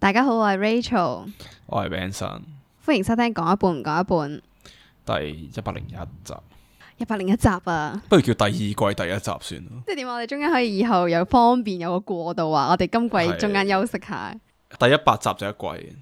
大家好，我係 Rachel，我係 Vincent，歡迎收聽講一半唔講一半第一百零一集，一百零一集啊！不如叫第二季第一集算咯。即係點，我哋中間可以以後有方便有個過渡啊，我哋今季中間休息下，第一百集就一季，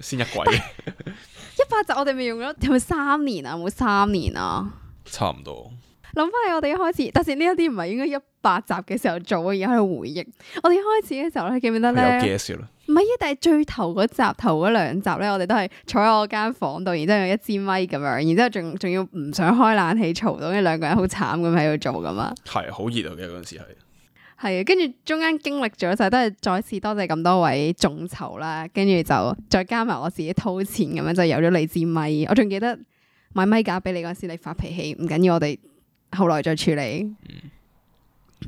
先一季，一百集我哋未用咗有冇三年啊？有冇三年啊？差唔多。諗翻起我哋一開始，但是呢一啲唔係應該一百集嘅時候做嘅嘢，喺度回憶。我哋一開始嘅時候咧，記唔記得咧？有 guess 啦。唔係啊，但係最頭嗰集，頭嗰兩集咧，我哋都係坐喺我間房度，然之後有一支咪咁樣，然之後仲仲要唔想開冷氣嘈到，因為兩個人好慘咁喺度做咁啦。係，好熱啊！其實嗰陣時係。係啊，跟住中間經歷咗晒，都係再次多謝咁多位眾籌啦，跟住就再加埋我自己掏錢咁樣，就有咗你支咪。我仲記得買咪架俾你嗰時，你發脾氣，唔緊要，我哋。後來再處理，唔、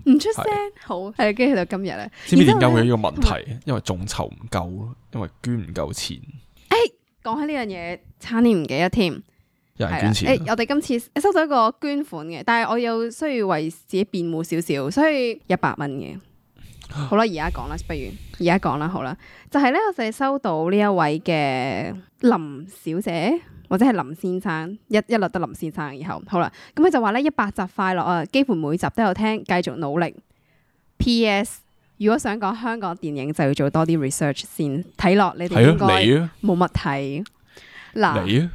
嗯、出聲是好，係跟住到今日啦。知唔知點解會有呢個問題？在因為眾籌唔夠，因為捐唔夠錢。誒、欸，講起呢樣嘢，差啲唔記得添。有人捐錢。誒、啊欸，我哋今次收咗一個捐款嘅，但係我又需要為自己辯護少少，所以一百蚊嘅。好啦，而家講啦，不如而家講啦，好啦，就係、是、咧，我淨係收到呢一位嘅林小姐。或者係林先生一一落得林先生，先生以後好啦，咁佢就話咧一百集快樂啊，幾乎每集都有聽，繼續努力。P. S. 如果想講香港電影，就要做多啲 research 先睇落，啊，你哋應該冇乜睇。嗱喏，啊、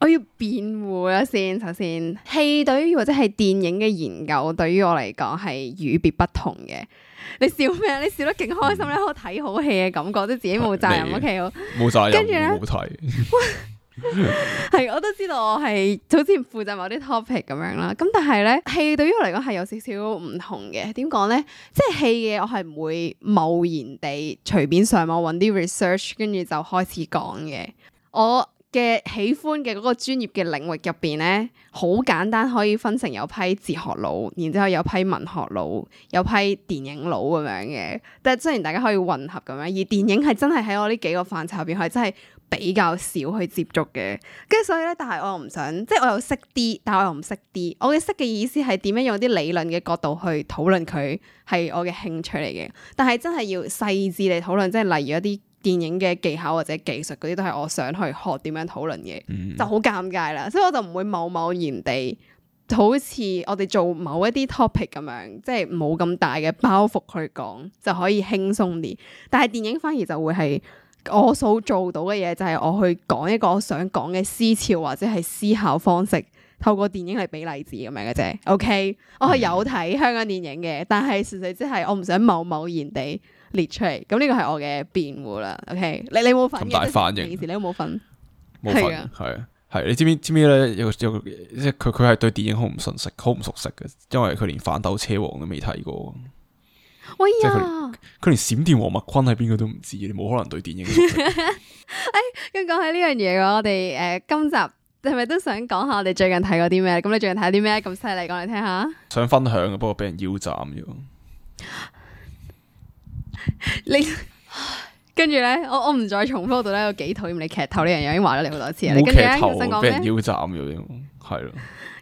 我要辯護一先，首先戲對於或者係電影嘅研究，對於我嚟講係與別不同嘅。你笑咩？你笑得勁開心咧，嗯、好睇好戲嘅感覺，即自己冇責任。O. K. O. 冇責任，跟住咧冇睇。 呢 係， 我都知道我係好似負責某啲 topic 咁樣啦。咁但係咧，戲對於我嚟講係有少少唔同嘅。點講咧？即係戲嘅，我係唔會貿然地隨便上網揾啲 research，跟住就開始講嘅。我嘅喜歡嘅嗰個專業嘅領域入邊咧，好簡單可以分成有批哲學佬，然之後有批文學佬，有批電影佬咁樣嘅。但係雖然大家可以混合咁樣，而電影係真係喺我呢幾個範疇入邊係真係。比較少去接觸嘅，跟住，所以咧，但係我又唔想，即係我，我又識啲，但係我又唔識啲。我嘅識嘅意思係點樣用啲理論嘅角度去討論佢，係我嘅興趣嚟嘅。但係真係要細緻嚟討論，即係例如一啲電影嘅技巧或者技術嗰啲，都係我想去學點樣討論嘅，嗯、就好尷尬啦。所以我就唔會貿貿然地，好似我哋做某一啲 topic 咁樣，即係冇咁大嘅包袱去講，就可以輕鬆啲。但係電影反而就會係。我所做到嘅嘢就係我去講一個我想講嘅思潮或者係思考方式，透過電影嚟俾例子咁樣嘅啫。OK，我係有睇香港電影嘅，但係事實即係我唔想某某然地列出嚟。咁呢個係我嘅辯護啦。OK，你你冇反咁大反應，平時你都冇瞓？冇瞓，係啊係。你知唔知知唔知咧？有即係佢佢係對電影好唔熟悉，好唔熟悉嘅，因為佢連《反斗車王》都未睇過。喂呀！佢連閃電和麥昆喺邊個都唔知，你冇可能對電影 、哎。誒，咁講起呢樣嘢，嘅，我哋誒、呃、今集你係咪都想講下我哋最近睇過啲咩？咁你最近睇啲咩咁犀利？講嚟聽下。想分享啊，不過俾人腰斬咗。 你跟住咧，我我唔再重複到咧，我有幾討厭你劇透呢樣嘢，已經話咗你好多次你劇透俾人腰斬咗，係咯。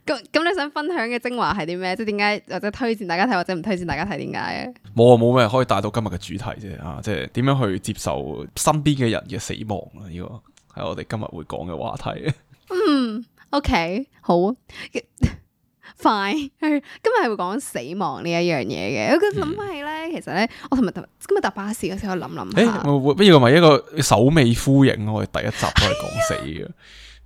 咁咁你想分享嘅精華係啲咩？即係點解，或者推薦大家睇，或者唔推薦大家睇？點解嘅？冇啊，冇咩可以帶到今日嘅主題啫啊！即係點樣去接受身邊嘅人嘅死亡啊？呢、這個係我哋今日會講嘅話題。嗯，OK，好快， Fine, 今日係會講死亡、嗯、呢一樣嘢嘅。我諗翻起咧，其實咧，我尋日今日搭巴士嘅時候，我諗諗下，誒、欸，不如咪一個首尾呼應，我哋第一集都係講死嘅，哎、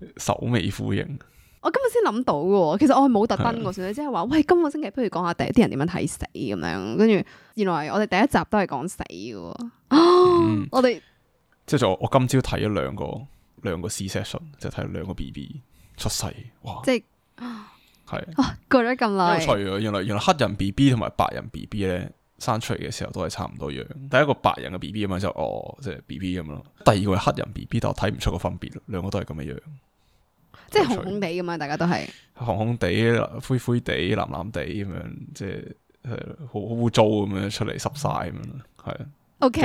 呀首尾呼應。我今日先諗到嘅，其實我係冇特登嘅，純粹即係話，喂，今個星期不如講下第一啲人點樣睇死咁樣，跟住原來我哋第一集都係講死嘅，啊嗯我哋，我哋即係就我今朝睇咗兩個兩個 C session，即係睇兩個 BB 出世，哇！即係係哇，攰得咁耐。除咗原來原來黑人 BB 同埋白人 BB 咧生出嚟嘅時候都係差唔多一樣，第一個白人嘅 BB 咁樣就哦即係、就是、BB 咁咯，第二個係黑人 BB，但係我睇唔出個分別咯，兩個都係咁嘅樣。即係紅紅地咁嘛，大家都係紅紅地、灰灰地、藍藍地咁樣，即係好污糟咁樣出嚟，濕晒咁樣係啊。O K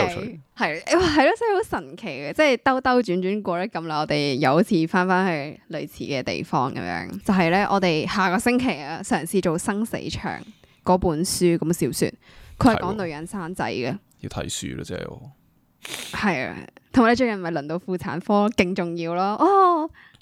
係哇，係咯，所以好神奇嘅，即係兜兜轉轉轉過咗咁耐，我哋又好似返返去類似嘅地方咁樣。就係咧，我哋下個星期啊，嘗試做《生死場》嗰本書咁小說，佢係講女人生仔嘅，要睇書咯，真係。係啊，同埋你最近咪輪到婦產科，勁重要咯哦。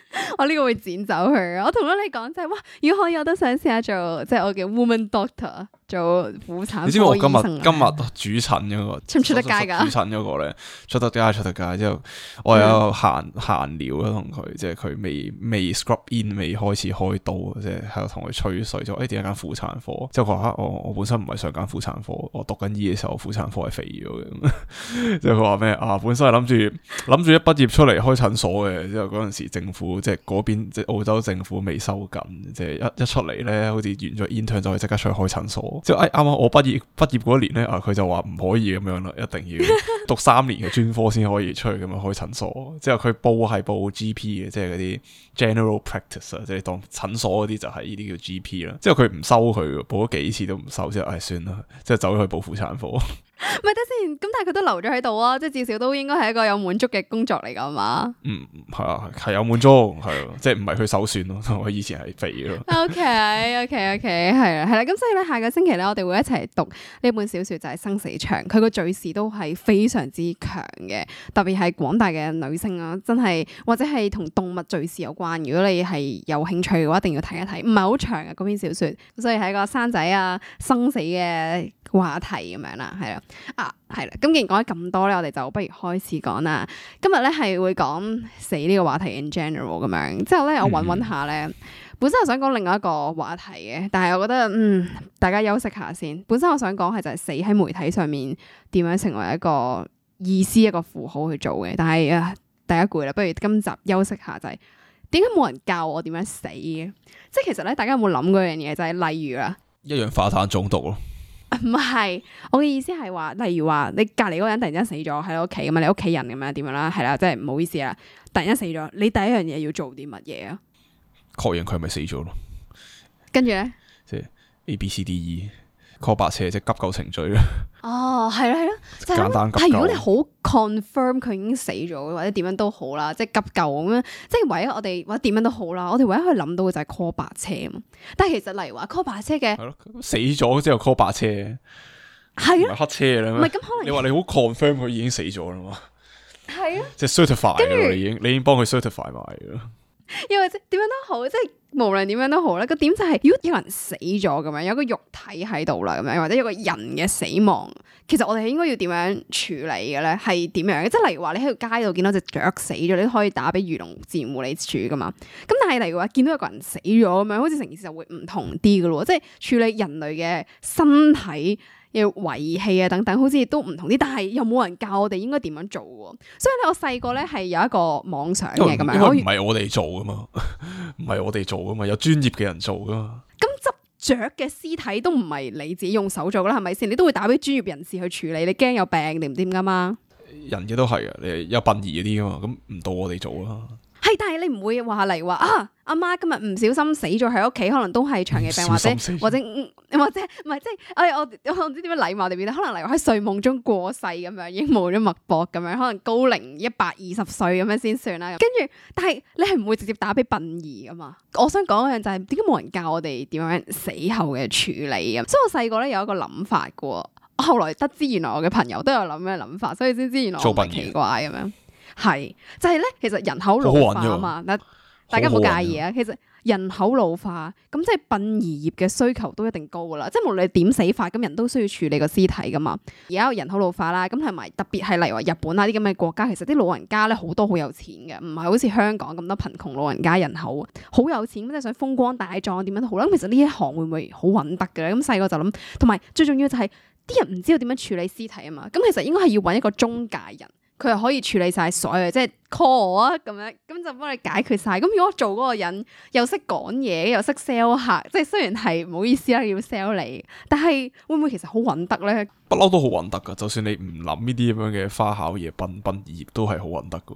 我呢個會剪走佢，我同咗你講即係哇，如果可以我，就是、我都想試下做即係我嘅 woman doctor，做婦產科醫生你知我今。今日今日主診嗰、那個出唔出得街噶？主診嗰個咧出得街，出得街之後我有閒閒、嗯、聊啊，同佢即係佢未未 scrub in，未開始開刀，即係喺度同佢吹水咗。誒，點解揀婦產科？即係佢話吓我，我本身唔係上揀婦產科，我讀緊醫嘅時候婦產科係肥咗嘅。 即係佢話咩啊？本身係諗住諗住一畢業出嚟開診所嘅，之後嗰陣時政府。即係嗰邊，即係澳洲政府未收緊，即係一一出嚟咧，好似完咗 intern 就可以即刻出去開診所。即係啱啱我畢業畢業嗰年咧，啊，佢就話唔可以咁樣啦，一定要讀三年嘅專科先可以出去咁樣開診所。之後佢報係報 GP 嘅，即係嗰啲 general practice，即係當診所嗰啲就係呢啲叫 GP 啦。之後佢唔收佢，報咗幾次都唔收，之後唉，算啦，即係走咗去報婦產科。咪得先，咁但係佢都留咗喺度啊，即係至少都應該係一個有滿足嘅工作嚟噶嘛。嗯，係啊，係有滿足，係，即係唔係佢首選咯。我以前係肥咯。O K，O K，O K，係啊，係啦，咁所以咧，下個星期咧，我哋會一齊讀呢本小說，就係、是《生死場》，佢個敘事都係非常之強嘅，特別係廣大嘅女性啊，真係或者係同動物敘事有關。如果你係有興趣嘅話，一定要睇一睇，唔係好長嘅嗰篇小說。所以係一個生仔啊，生死嘅。話題咁樣啦，係啦，啊，係啦。咁既然講咗咁多咧，我哋就不如開始講啦。今日咧係會講死呢個話題 in general 咁樣。之後咧，我揾揾下咧，本身我想講另外一個話題嘅，但係我覺得嗯，大家休息下先。本身我想講係就係死喺媒體上面點樣成為一個意思一個符號去做嘅，但係啊，大家攰啦，不如今集休息下就係點解冇人教我點樣死嘅？即係其實咧，大家有冇諗過一樣嘢就係、是、例如啦，一氧化碳中毒咯。唔係，我嘅意思係話，例如話你隔離嗰人突然間死咗喺你屋企咁嘛，你屋企人咁樣點樣啦，係啦，即係唔好意思啊，突然間死咗，你第一樣嘢要做啲乜嘢啊？確認佢係咪死咗咯？跟住咧？即係 A、B、C、D、E。call 白車即係、就係、急救程序咯。哦，係咯係咯，就係、係。簡單但係如果你好 confirm 佢已經死咗，或者點樣都好啦，即係急救咁樣，即係唯一我哋或者點樣都好啦，我哋唯一可以諗到嘅就係 call 白車啊。但係其實例如話 call 白車嘅、啊，死咗之後 call 白車係啊，黑車啦咩？唔係咁可能你話你好 confirm 佢已經死咗啦嘛？係啊，即係 certify 咯，你已經你已經幫佢 certify 埋咯。因為即係點樣都好，即係無論點樣都好咧，個點就係、是、如果有人死咗咁樣，有個肉體喺度啦，咁樣或者有個人嘅死亡，其實我哋應該要點樣處理嘅咧？係點樣？即係例如話你喺條街度見到隻雀死咗，你可以打俾漁農自然護理處噶嘛。咁但係例如話見到有個人死咗咁樣，好似成件事就會唔同啲噶咯。即係處理人類嘅身體。要遺棄啊等等，好似都唔同啲，但係又冇人教我哋應該點樣做喎。所以咧，我細個咧係有一個妄想嘅咁樣。唔係我哋做噶嘛，唔係以 我哋做噶嘛，有專業嘅人做噶嘛。咁執着嘅屍體都唔係你自己用手做噶啦，係咪先？你都會打俾專業人士去處理，你驚有病你唔知點噶嘛？人嘅都係啊，你有殯儀嗰啲啊嘛，咁唔到我哋做啦。但係你唔會話嚟話啊，阿媽今日唔小心死咗喺屋企，可能都係長期病或者或者或者唔係即係，哎我我唔知點樣禮貌地表達，可能嚟話喺睡夢中過世咁樣，已經冇咗脈搏咁樣，可能高齡一百二十歲咁樣先算啦。跟住，但係你係唔會直接打俾殯儀噶嘛？我想講一樣就係，點解冇人教我哋點樣死後嘅處理咁？所以我細個咧有一個諗法噶喎，我後來得知原來我嘅朋友都有諗嘅諗法，所以先知原來我好奇怪咁樣。係，就係、是、咧，其實人口老化啊嘛，大家唔好介意啊。其實人口老化，咁即係殯儀業嘅需求都一定高噶啦。即係無論你點死法，咁人都需要處理個屍體噶嘛。而家人口老化啦，咁係咪？特別係例如話日本啊啲咁嘅國家，其實啲老人家咧好多好有錢嘅，唔係好似香港咁多貧窮老人家人口好有錢咁，即係想風光大葬，點樣都好啦。咁其實呢一行會唔會好搵得嘅咧？咁細個就諗，同埋最重要就係啲人唔知道點樣處理屍體啊嘛。咁其實應該係要搵一個中介人。佢又可以處理曬所有，即係。call 我啊，咁樣，咁就幫你解決晒。咁如果做嗰個人又識講嘢，又識 sell 客，即係雖然係唔好意思啦，要 sell 你，但係會唔會其實好搵得咧？不嬲都好搵得噶，就算你唔諗呢啲咁樣嘅花巧嘢，奔奔業都係好搵得噶。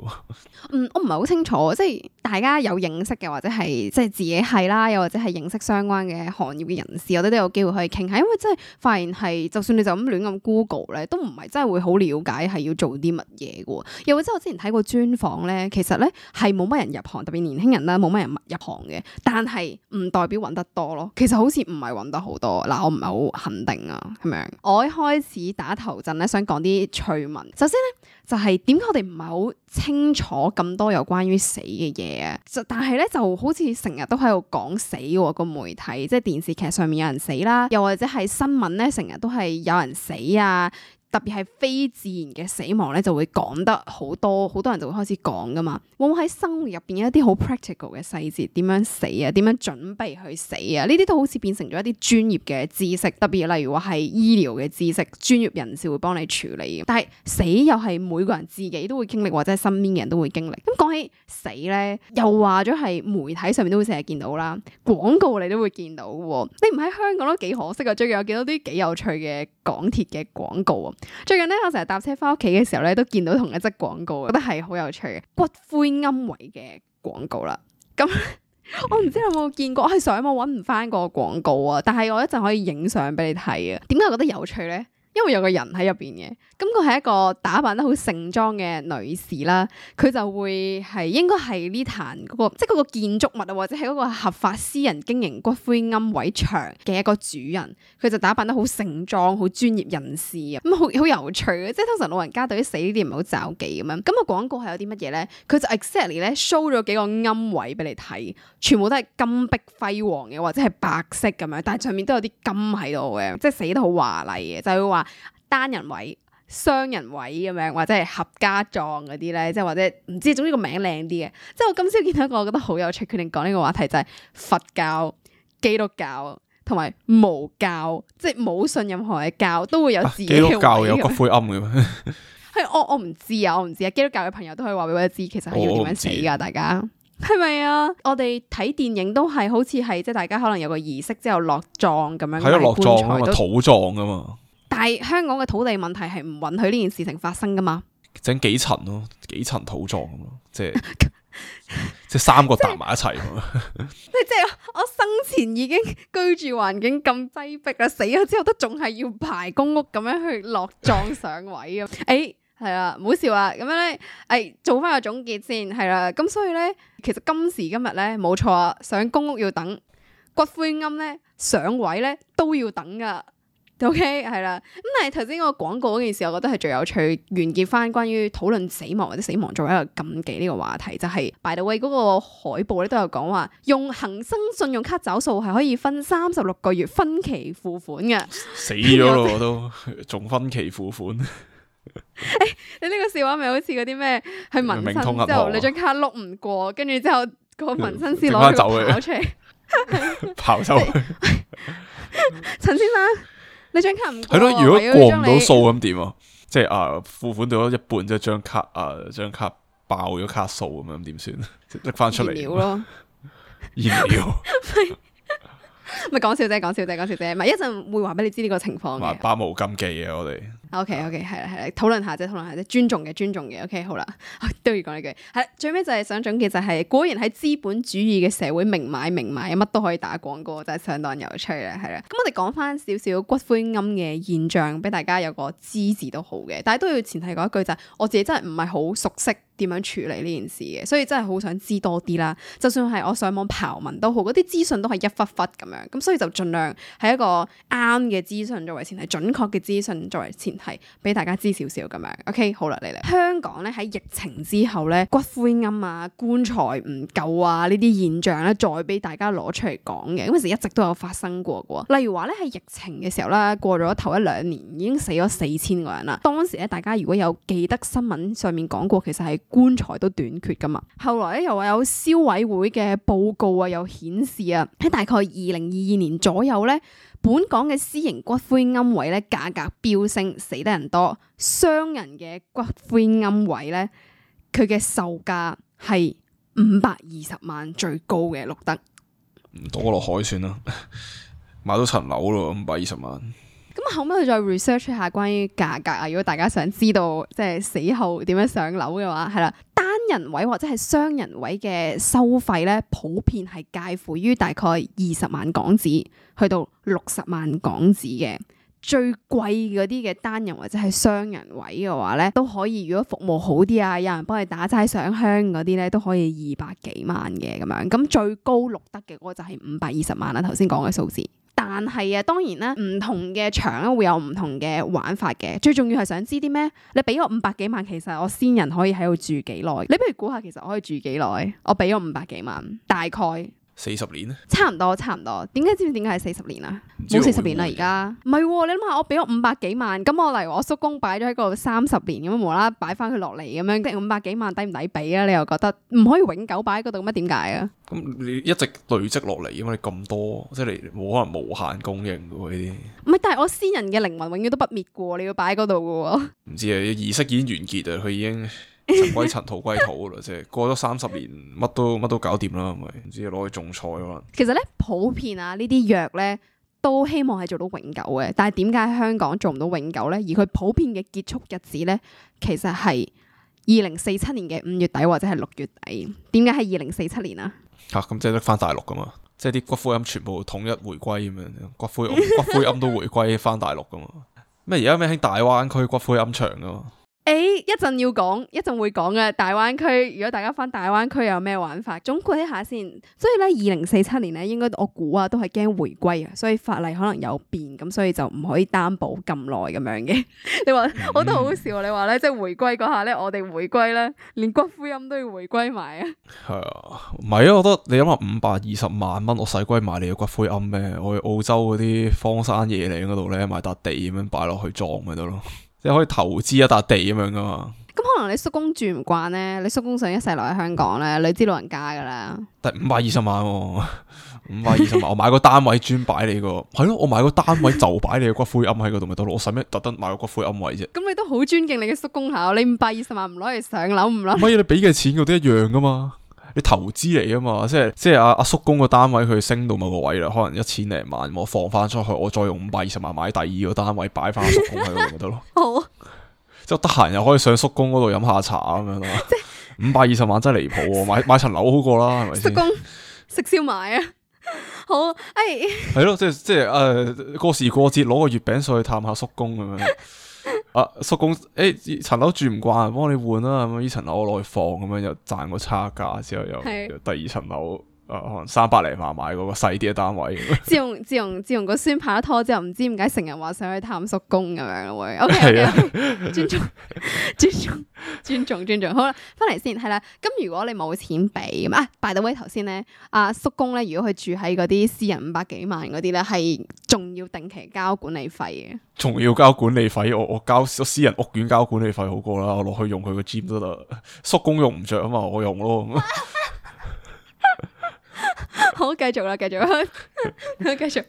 嗯，我唔係好清楚，即係大家有認識嘅，或者係即係自己係啦，又或者係認識相關嘅行業嘅人士，我哋都有機會去傾下。因為真係發現係，就算你就咁亂咁 google 咧，都唔係真係會好了解係要做啲乜嘢噶。又或者我之前睇過專訪。講咧，其實咧係冇乜人入行，特別年輕人啦，冇乜人入行嘅。但係唔代表揾得多咯，其實好似唔係揾得好多。嗱，我唔係好肯定啊，係咪？我一開始打頭陣咧，想講啲趣聞。首先咧，就係點解我哋唔係好清楚咁多有關於死嘅嘢啊？但係咧，就好似成日都喺度講死。個媒體，即係電視劇上面有人死啦，又或者係新聞咧，成日都係有人死啊。特別係非自然嘅死亡咧，就會講得好多，好多人就會開始講噶嘛。往往喺生活入邊一啲好 practical 嘅細節，點樣死啊，點樣準備去死啊？呢啲都好似變成咗一啲專業嘅知識。特別例如話係醫療嘅知識，專業人士會幫你處理。但係死又係每個人自己都會經歷，或者係身邊嘅人都會經歷。咁講起死咧，又話咗係媒體上面都會成日見到啦，廣告你都會見到喎。你唔喺香港都幾可惜啊！最近有見到啲幾有趣嘅港鐵嘅廣告啊～最近咧，我成日搭車翻屋企嘅時候咧，都見到同一則廣告，覺得係好有趣嘅骨灰龕位嘅廣告啦。咁 我唔知有冇見過，我喺上網揾唔翻個廣告啊。但係我一陣可以影相俾你睇啊。點解我覺得有趣咧？因為有個人喺入邊嘅，咁佢係一個打扮得好盛裝嘅女士啦，佢就會係應該係呢壇嗰個，即係嗰個建築物啊，或者係嗰個合法私人經營骨灰龕位牆嘅一個主人，佢就打扮得好盛裝，好專業人士啊，咁、嗯、好好有趣嘅，即係通常老人家對於死、嗯這個、呢啲唔係好找忌咁樣。咁個廣告係有啲乜嘢咧？佢就 exactly 咧 show 咗幾個龕位俾你睇，全部都係金碧輝煌嘅，或者係白色咁樣，但係上面都有啲金喺度嘅，即係死得好華麗嘅，就係話。單人位、雙人位咁樣，或者係合家葬嗰啲咧，即係或者唔知，總之個名靚啲嘅。即係我今朝見到一個，我覺得好有趣，決定講呢個話題就係佛教、基督教同埋無教，即係冇信任何嘅教，都會有自己嘅、啊。基督教有骨灰龕嘅咩？係、 嗯、我我唔知啊，我唔知啊。基督教嘅朋友都可以話俾我知，其實係要點樣死噶？大家係咪啊？我哋睇電影都係好似係即係，大家可能有個儀式之後落葬咁樣，係落棺材，土葬噶嘛。但係香港嘅土地問題係唔允許呢件事情發生噶嘛？整幾層咯，幾層土葬咁咯，即係 即係三個搭埋一齊。即係我生前已經居住環境咁擠迫啦，死咗之後都仲係要排公屋咁樣去落葬上位咁、 哎。哎，係啊，唔好笑啊！咁樣咧，誒，做翻個總結先，係啦。咁所以咧，其實今時今日咧，冇錯啊，上公屋要等，骨灰龕咧上位咧都要等噶。O K，係啦，咁、okay, 但係頭先個廣告嗰件事，我覺得係最有趣。完結翻關於討論死亡或者死亡作為一個禁忌呢個話題，就係、是、By the way 嗰個海報咧都有講話，用恒生信用卡找數係可以分三十六個月分期付款嘅。死咗 我都，仲分期付款。誒 、欸，你呢個笑話咪好似嗰啲咩？去紋身之後，後你張卡碌唔過，跟住之後,後個紋身師攞走，攞出去，刨走出。陳 先生。你張卡唔係咯？如果過唔到數咁點啊？即係啊，付款到咗一半，即係張卡啊，張卡爆咗卡數咁樣，點算？拎 翻出嚟來。燃料咯，燃咪咪講笑啫，講笑啫，講笑啫。咪一陣會話俾你知呢個情況嘅。百無禁忌嘅我哋。O K O K，係啦係啦，討論、okay, okay, yeah, yeah, 下啫，討論下啫，尊重嘅，尊重嘅，O K，好啦，啊，都要講呢句。係啦，最尾就係想總結就係、是，果然喺資本主義嘅社會，明買明買，乜都可以打廣告，真係相當有趣啦，係啦。咁、嗯、我哋講翻少少骨灰龕嘅現象，俾大家有個知字都好嘅，但係都要前提講一句就係、是，我自己真係唔係好熟悉點樣處理呢件事嘅，所以真係好想知多啲啦。就算係我上網刨文都好，嗰啲資訊都係一忽忽咁樣，咁、嗯、所以就盡量喺一個啱嘅資訊作為前提，準確嘅資訊作為前提。係俾大家知少少咁樣，OK，好啦，你嚟。香港咧喺疫情之後咧，骨灰龕啊、棺材唔夠啊呢啲現象咧，再俾大家攞出嚟講嘅，因為一直都有發生過嘅。例如話咧，喺疫情嘅時候啦，過咗頭一兩年，已經死咗四千個人啦。當時咧，大家如果有記得新聞上面講過，其實係棺材都短缺噶嘛。後來咧，又話有消委會嘅報告啊，又顯示啊，喺大概二零二二年左右咧。本港嘅私營骨灰龕位咧，價格飆升，死得人多。商人嘅骨灰龕位咧，佢嘅售價係五百二十萬最高嘅錄得。唔多落海算啦，買到層樓咯，五百二十萬。咁後尾佢再 research 一下關於價格啊，如果大家想知道即係死後點樣上樓嘅話，係啦。人位或者係雙人位嘅收費咧，普遍係介乎於大概二十萬港紙去到六十萬港紙嘅。最貴嗰啲嘅單人或者係雙人位嘅話咧，都可以。如果服務好啲啊，有人幫你打齋上香嗰啲咧，都可以二百幾萬嘅咁樣。咁最高錄得嘅嗰個就係五百二十萬啦，頭先講嘅數字，但係啊，當然啦，唔同嘅場咧會有唔同嘅玩法嘅。最重要係想知啲咩？你俾我五百幾萬，其實我先人可以喺度住幾耐？你不如估下，其實我可以住幾耐？我俾咗五百幾萬，大概。四十年啊，差唔多，差唔多。點解知唔知點解係四十年啊？冇四十年啦，而家唔係。你諗下，我俾咗五百幾萬，咁我嚟，我叔公擺咗喺嗰度三十年咁樣，無啦啦擺翻佢落嚟咁樣，即五百幾萬，抵唔抵俾啊？你又覺得唔可以永久擺喺嗰度咁啊？點解啊？咁、嗯、你一直累積落嚟，因為你咁多，即係你冇可能無限供應噶呢啲。唔係，但係我先人嘅靈魂永遠都不滅過，你要擺喺嗰度噶喎。唔知啊，儀式已經完結啊，佢已經。塵歸塵土歸土啦，即係 過咗三十年，乜都乜都搞掂啦，係咪？唔知攞去種菜可能。其實咧，普遍啊，呢啲藥咧都希望係做到永久嘅，但係點解香港做唔到永久咧？而佢普遍嘅結束日子咧，其實係二零四七年嘅五月底或者係六月底。點解係二零四七年啊？吓咁即係得翻大陸噶嘛？即係啲骨灰龕全部統一回歸咁樣，骨灰 骨灰龕都回歸翻大陸噶嘛？咩而家咩喺大灣區骨灰龕場噶嘛？誒一陣要講，一陣會講嘅大灣區。如果大家返大灣區有咩玩法，總括一下先。所以咧，二零四七年咧，應該我估啊，都係驚回歸，所以法例可能有變，咁所以就唔可以擔保咁耐咁樣嘅。 你話說、嗯、我都好笑，你話咧即係回歸嗰下咧，我哋回歸咧，連骨灰龕都要回歸埋啊。係啊，唔係啊，我覺得你諗下五百二十萬蚊，我使鬼買你嘅骨灰龕咩？我去澳洲嗰啲荒山野嶺嗰度咧買笪地咁樣擺落去葬咪得咯。即係可以投資一笪地咁樣噶嘛？咁可能你叔公住唔慣咧，你叔公想一世留喺香港咧，你知老人家噶啦。但係五百二十萬、啊，五百二十萬、啊，我買個單位專擺你個，係咯、 啊，我買個單位就擺你嘅骨灰龕喺嗰度咪得咯，我使咩特登買個骨灰龕位啫？咁你都好尊敬你嘅叔公下，你五百二十萬唔攞嚟上樓唔攞？唔可以， 你俾嘅錢我都一樣噶嘛。你投資嚟啊嘛，即係即係阿阿叔公個單位佢升到某個位啦，可能一千零萬，我放翻出去，我再用五百二十萬買第二個單位擺翻阿叔公喺度咪得咯。 好，即係得閒又可以上叔公嗰度飲下茶咁樣咯。五百二十萬真係離譜喎，買買層樓好過啦，係咪？叔公食燒賣啊，好，哎，係咯，即係即係誒、呃、過時過節攞個月餅上去探下叔公咁樣。 啊，叔公，誒、欸，層樓住唔慣，幫我你換啦，咁呢層樓我攞去放，咁樣又賺個差價，之後又是後第二層樓。誒，三百零萬買嗰個細啲嘅單位自用。自從自從自從個孫拍咗拖之後，唔知點解成日話想去探叔公咁樣咯。會，O K 尊重 尊重尊重，尊重，尊，重尊重。好啦，翻嚟先，係啦。咁如果你冇錢俾，啊，by the way 頭先咧，阿、啊、叔公咧，如果佢住喺嗰啲私人五百幾萬嗰啲咧，係仲要定期交管理費嘅。仲要交管理費？我交我交私人屋苑交管理費好過啦，我落去用佢個 gym 都得，叔公用唔着啊嘛，我用咯。 好，繼續啦，繼續，繼續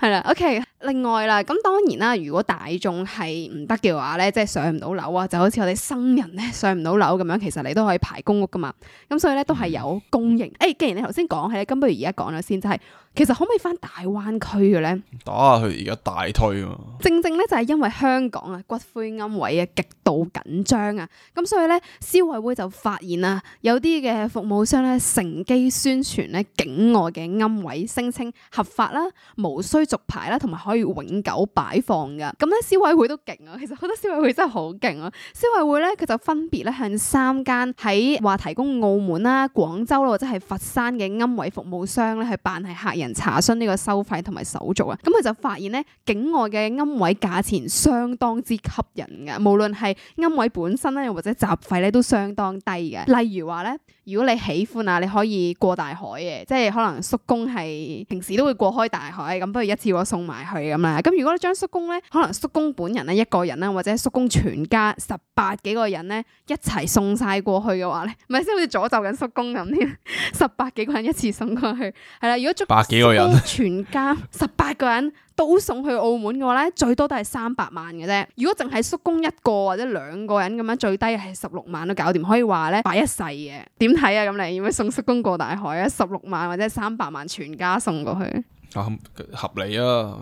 係啦。OK，另外啦，咁當然啦，如果大眾係唔得嘅話咧，即係上唔到樓啊，就好似我哋生人咧上唔到樓咁樣，其實你都可以排公屋噶嘛。咁所以咧都係有供應。誒，既然你頭先講起咧，咁不如而家講咗先，就係其實可唔可以返大灣區嘅咧？打下去而家大推啊！正正咧就係因為香港啊骨灰龕位啊極度緊張啊，咁所以咧消委會就發現啦，有啲嘅服務商咧乘機宣傳。境外嘅庵位聲稱合法啦，無需續牌啦，同埋可以永久擺放噶咁咧，消委會都勁啊！其實好多消委會真係好勁啊！消委會咧，佢就分別咧向三間喺話提供澳門啦、廣州啦或者係佛山嘅庵位服務商咧，係辦係客人查詢呢個收費同埋手續啊。咁佢就發現咧，境外嘅庵位價錢相當之吸引噶，無論係庵位本身咧，又或者雜費咧，都相當低嘅。例如話咧，如果你喜歡啊，你可以過大海。即係可能叔公係平時都會過開大海咁，不如一次過送埋去咁啦。咁如果將叔公咧，可能叔公本人咧一個人啦，或者叔公全家十八幾個人咧一齊送晒過去嘅話咧，咪先好似詛咒緊叔公咁添。十八幾個人一次送過去，係啦。如果叔公全家十八個人。 都送去澳門嘅話咧，最多都係三百萬嘅啫。如果淨係叔公一個或者兩個人咁樣，最低係十六萬都搞掂。可以話咧，擺一世嘅點睇啊？咁你要唔要送叔公過大海啊？十六萬或者三百萬全家送過去啊？合理啊，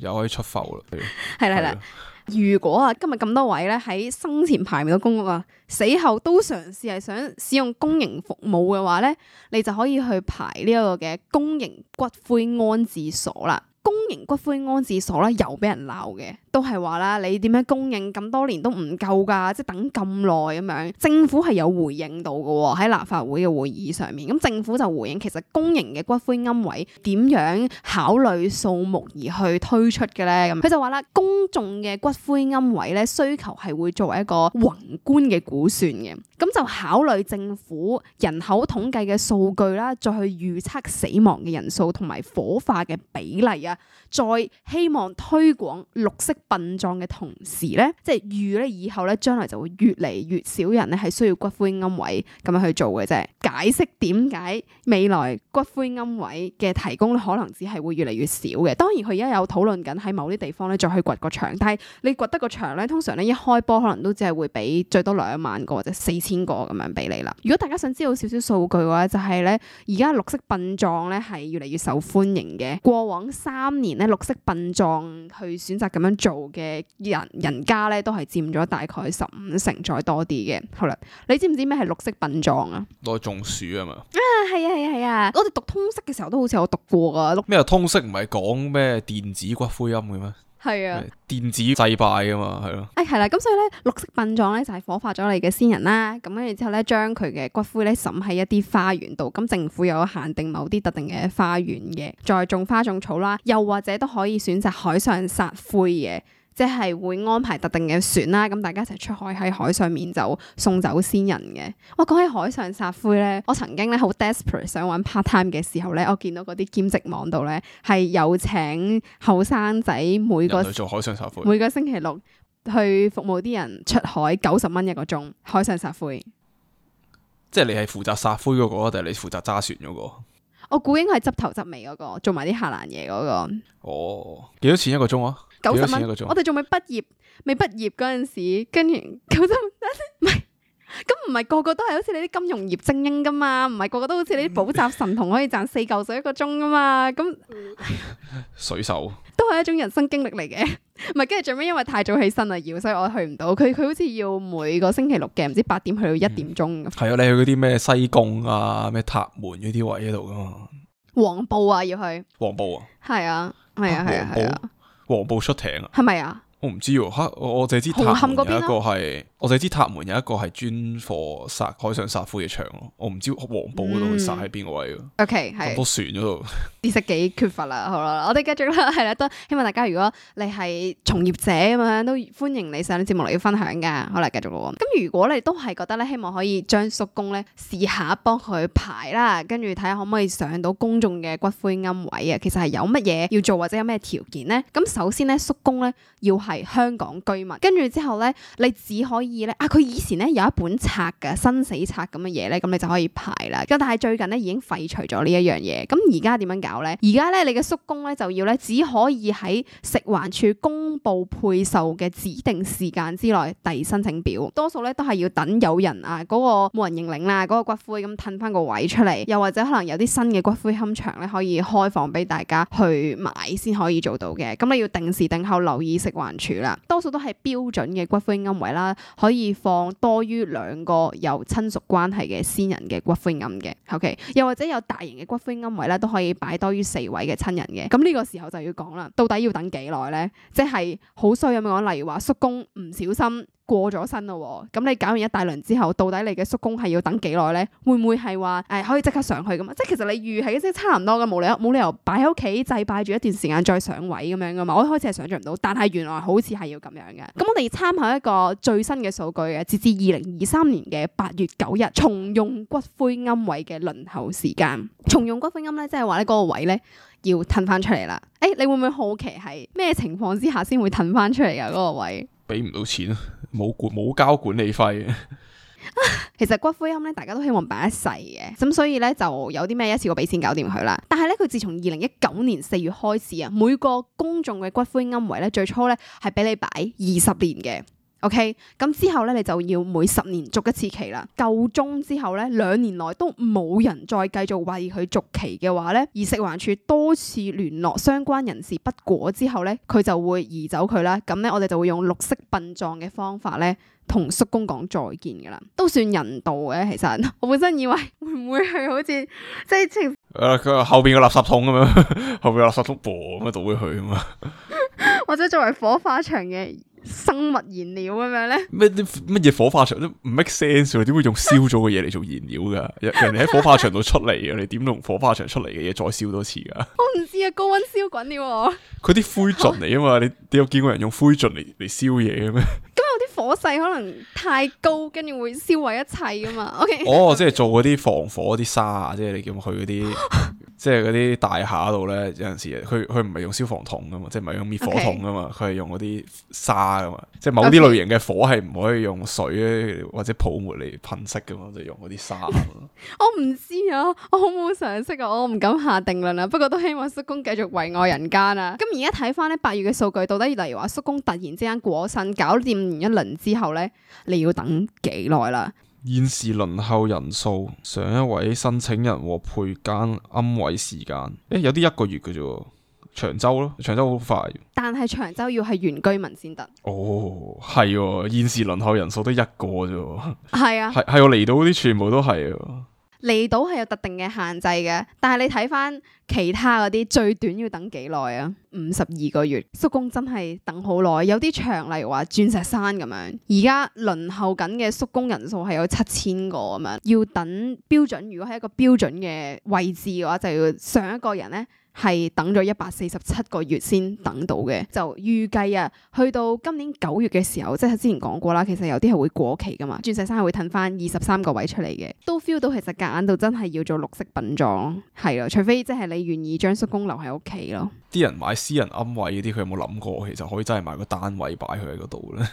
又可以出埠啦。係啦係啦，如果啊，今日咁多位咧喺生前排唔到公屋啊，死後都嘗試係想使用公營服務嘅話咧，你就可以去排呢一個嘅公營骨灰安置所啦。公營骨灰安置所咧又俾人鬧嘅，都係話啦，你點樣供應咁多年都唔夠噶，即係等咁耐咁樣，政府係有回應到嘅喎，喺立法會嘅會議上面，咁政府就回應，其實公營嘅骨灰龕位點樣考慮數目而去推出嘅咧，咁佢就話啦，公眾嘅骨灰龕位咧需求係會作為一個宏觀嘅估算嘅。咁就考慮政府人口統計嘅數據啦，再去預測死亡嘅人數同埋火化嘅比例啊，再希望推廣綠色殯葬嘅同時咧，即係預咧以後咧將來就會越嚟越少人咧係需要骨灰龕位咁樣去做嘅啫。解釋點解未來骨灰龕位嘅提供可能只係會越嚟越少嘅？當然佢而家有討論緊喺某啲地方咧再去掘個墳，但係你掘得個墳咧，通常咧一開波可能都只係會俾最多兩萬個或者四千。邊個咁樣俾你啦？如果大家想知道少少數據嘅話，就係咧，而家綠色殯葬咧係越嚟越受歡迎嘅。過往三年咧，綠色殯葬去選擇咁樣做嘅人人家咧，都係佔咗大概十五成再多啲嘅。好啦，你知唔知咩係綠色殯葬啊？都係中暑啊嘛！啊，係啊，係啊，係啊！我哋讀通識嘅時候都好似有讀過啊。咩通識唔係講咩電子骨灰龕嘅咩？係啊，電子祭拜啊嘛，係咯，誒係啦，咁所以咧，綠色殯葬咧就係火化咗你嘅先人啦，咁跟住之後咧，將佢嘅骨灰咧滲喺一啲花園度，咁政府有限定某啲特定嘅花園嘅，再種花種草啦，又或者都可以選擇海上撒灰嘅。即係會安排特定嘅船啦，咁大家一齊出海喺海上面就送走先人嘅。哇，講起海上撒灰咧，我曾經咧好 desperate 想玩 part time 嘅時候咧，我見到嗰啲兼職網度咧係有請後生仔，每個去做海上撒灰，每個星期六去服務啲人出海，九十蚊一個鐘，海上撒灰。即係你係負責撒灰嗰個，定係你負責揸船嗰個？我估應該係執頭執尾嗰個，做埋啲下欄嘢嗰個。哦，幾多錢一個鐘啊？九十蚊我哋仲未畢業，未畢業嗰陣時，跟住九十唔係，咁唔係個個都係好似你啲金融業精英噶嘛，唔係個個都好似你啲補習神童可以賺四嚿水一個鐘噶嘛，咁水手都係一種人生經歷嚟嘅，唔係，跟住最尾因為太早起身啦要，所以我去唔到，佢佢好似要每個星期六嘅唔知八點去到一點鐘。係啊，你去嗰啲咩西貢啊，咩塔門嗰啲位喺度噶嘛？黃埔啊要去？黃埔啊？係啊，係啊，係啊。黃埔出艇是是啊？係咪啊？我唔知喎，吓，我我淨係知台灣有一個係。我哋知塔門有一個係專貨撒海上撒灰嘅場，我唔知黃埔嗰度撒喺邊個位、嗯、OK，係。咁多船嗰度，其實幾缺乏啦。好啦，我哋繼續啦，係啦，都希望大家如果你係從業者咁樣，都歡迎你上啲節目嚟要分享㗎。好啦，繼續啦。咁如果你都係覺得咧，希望可以將叔公咧試下幫佢排啦，跟住睇下可唔可以上到公眾嘅骨灰龕位啊。其實係有乜嘢要做或者有咩條件咧？咁首先咧，叔公咧要係香港居民，跟住之後咧，你只可以。咧啊，佢以前咧有一本冊嘅《生死冊》咁嘅嘢咧，咁你就可以排啦。咁但係最近咧已經廢除咗呢一樣嘢。咁而家點樣搞咧？而家咧你嘅宿公咧就要咧只可以喺食環署公布配售嘅指定時間之內遞申請表。多數咧都係要等有人啊嗰、那個冇人認領啦、啊，嗰、那個骨灰咁褪翻個位出嚟，又或者可能有啲新嘅骨灰龕場咧可以開放俾大家去買先可以做到嘅。咁你要定時定候留意食環署啦。多數都係標準嘅骨灰龕位啦。可以放多於兩個有親屬關係嘅先人嘅骨灰龕嘅，OK，又或者有大型嘅骨灰龕位咧，都可以擺多於四位嘅親人嘅。咁呢個時候就要講啦，到底要等幾耐咧？即係好衰咁講，例如話叔公唔小心，過咗身咯，咁你搞完一大輪之後，到底你嘅叔公係要等幾耐呢？會唔會係話誒可以即刻上去噶嘛？即係其實你預係即差唔多嘅，冇理由冇理由擺喺屋企祭拜住一段時間再上位咁樣噶嘛？我一開始係想象唔到，但係原來好似係要咁樣嘅。咁我哋參考一個最新嘅數據嘅，截至二零二三年嘅八月九日，重用骨灰龕位嘅輪候時間，重用骨灰龕呢，即係話呢嗰個位呢要褪翻出嚟啦。誒、欸，你會唔會好奇係咩情況之下先會褪翻出嚟噶嗰個位？俾唔到錢啊！冇管，冇交管理費嘅 其實骨灰龕咧，大家都希望擺一世嘅，咁所以咧就有啲咩一次過俾錢搞掂佢啦。但係咧，佢自從二零一九年四月開始啊，每個公眾嘅骨灰龕位咧，最初咧係俾你擺二十年嘅。OK，咁之後咧，你就要每十年續一次期啦。夠鐘之後咧，兩年內都冇人再繼續為佢續期嘅話咧，而食環署多次聯絡相關人士不果之後咧，佢就會移走佢啦。咁咧，我哋就會用綠色殯葬嘅方法咧，同叔公講再見嘅啦，都算人道嘅。其實我本身以為會唔會係好似即係即係，佢話、啊、後邊個垃圾桶咁樣，後邊垃圾桶噃，咁啊倒咗佢啊嘛，或者 作為火化場嘅。生物燃料咁樣咧？咩啲乜嘢火化場都唔 make sense 啊？點會用燒咗嘅嘢嚟做燃料噶？ 人哋喺火化場度出嚟啊！你點用火化場出嚟嘅嘢再燒多次噶？我唔知啊，高溫燒滾了。佢啲灰燼嚟啊嘛？你你有見過人用灰燼嚟嚟燒嘢嘅咩？咁 有啲火勢可能太高，跟住會燒毀一切啊嘛。OK。哦， 即係做嗰啲防火啲沙啊，即係你叫佢嗰啲。 即係嗰啲大廈度咧，有陣時佢佢唔係用消防筒噶嘛，即係唔係用滅火筒噶嘛，佢係 Okay. 用嗰啲沙噶嘛，即係某啲類型嘅火係唔可以用水或者泡沫嚟噴熄噶嘛，就是、用嗰啲沙。 我唔知啊，我好冇常識啊，我唔敢下定論啊。不過都希望叔公繼續為愛人間啊。咁而家睇翻咧八月嘅數據，到底例如話叔公突然之間過身，搞掂完一輪之後咧，你要等幾耐啦？現時輪候人數，上一位申請人獲配龕位時間，誒、欸，有啲一個月嘅啫，長洲咯，長洲好快。但係長洲要係原居民先得。哦，係，現時輪候人數得一個啫。係啊。係係我嚟到嗰啲全部都係。離島係有特定嘅限制嘅，但係你睇翻其他嗰啲最短要等幾耐啊？五十二個月，宿工真係等好耐。有啲長，例如話《鑽石山》咁樣，而家輪候緊嘅宿工人數係有七千個咁樣，要等標準。如果係一個標準嘅位置嘅話，就要上一個人咧。係等咗一百四十七個月先等到嘅，就預計啊，去到今年九月嘅時候，即係之前講過啦，其實有啲係會過期噶嘛，鑽石山係會褪翻二十三個位出嚟嘅，都 feel 到其實夾硬到真係要做綠色殯葬，係咯，除非即係你願意將叔公留喺屋企咯。啲人買私人龕位嗰啲，佢有冇諗過其實可以真係買個單位擺佢喺嗰度咧？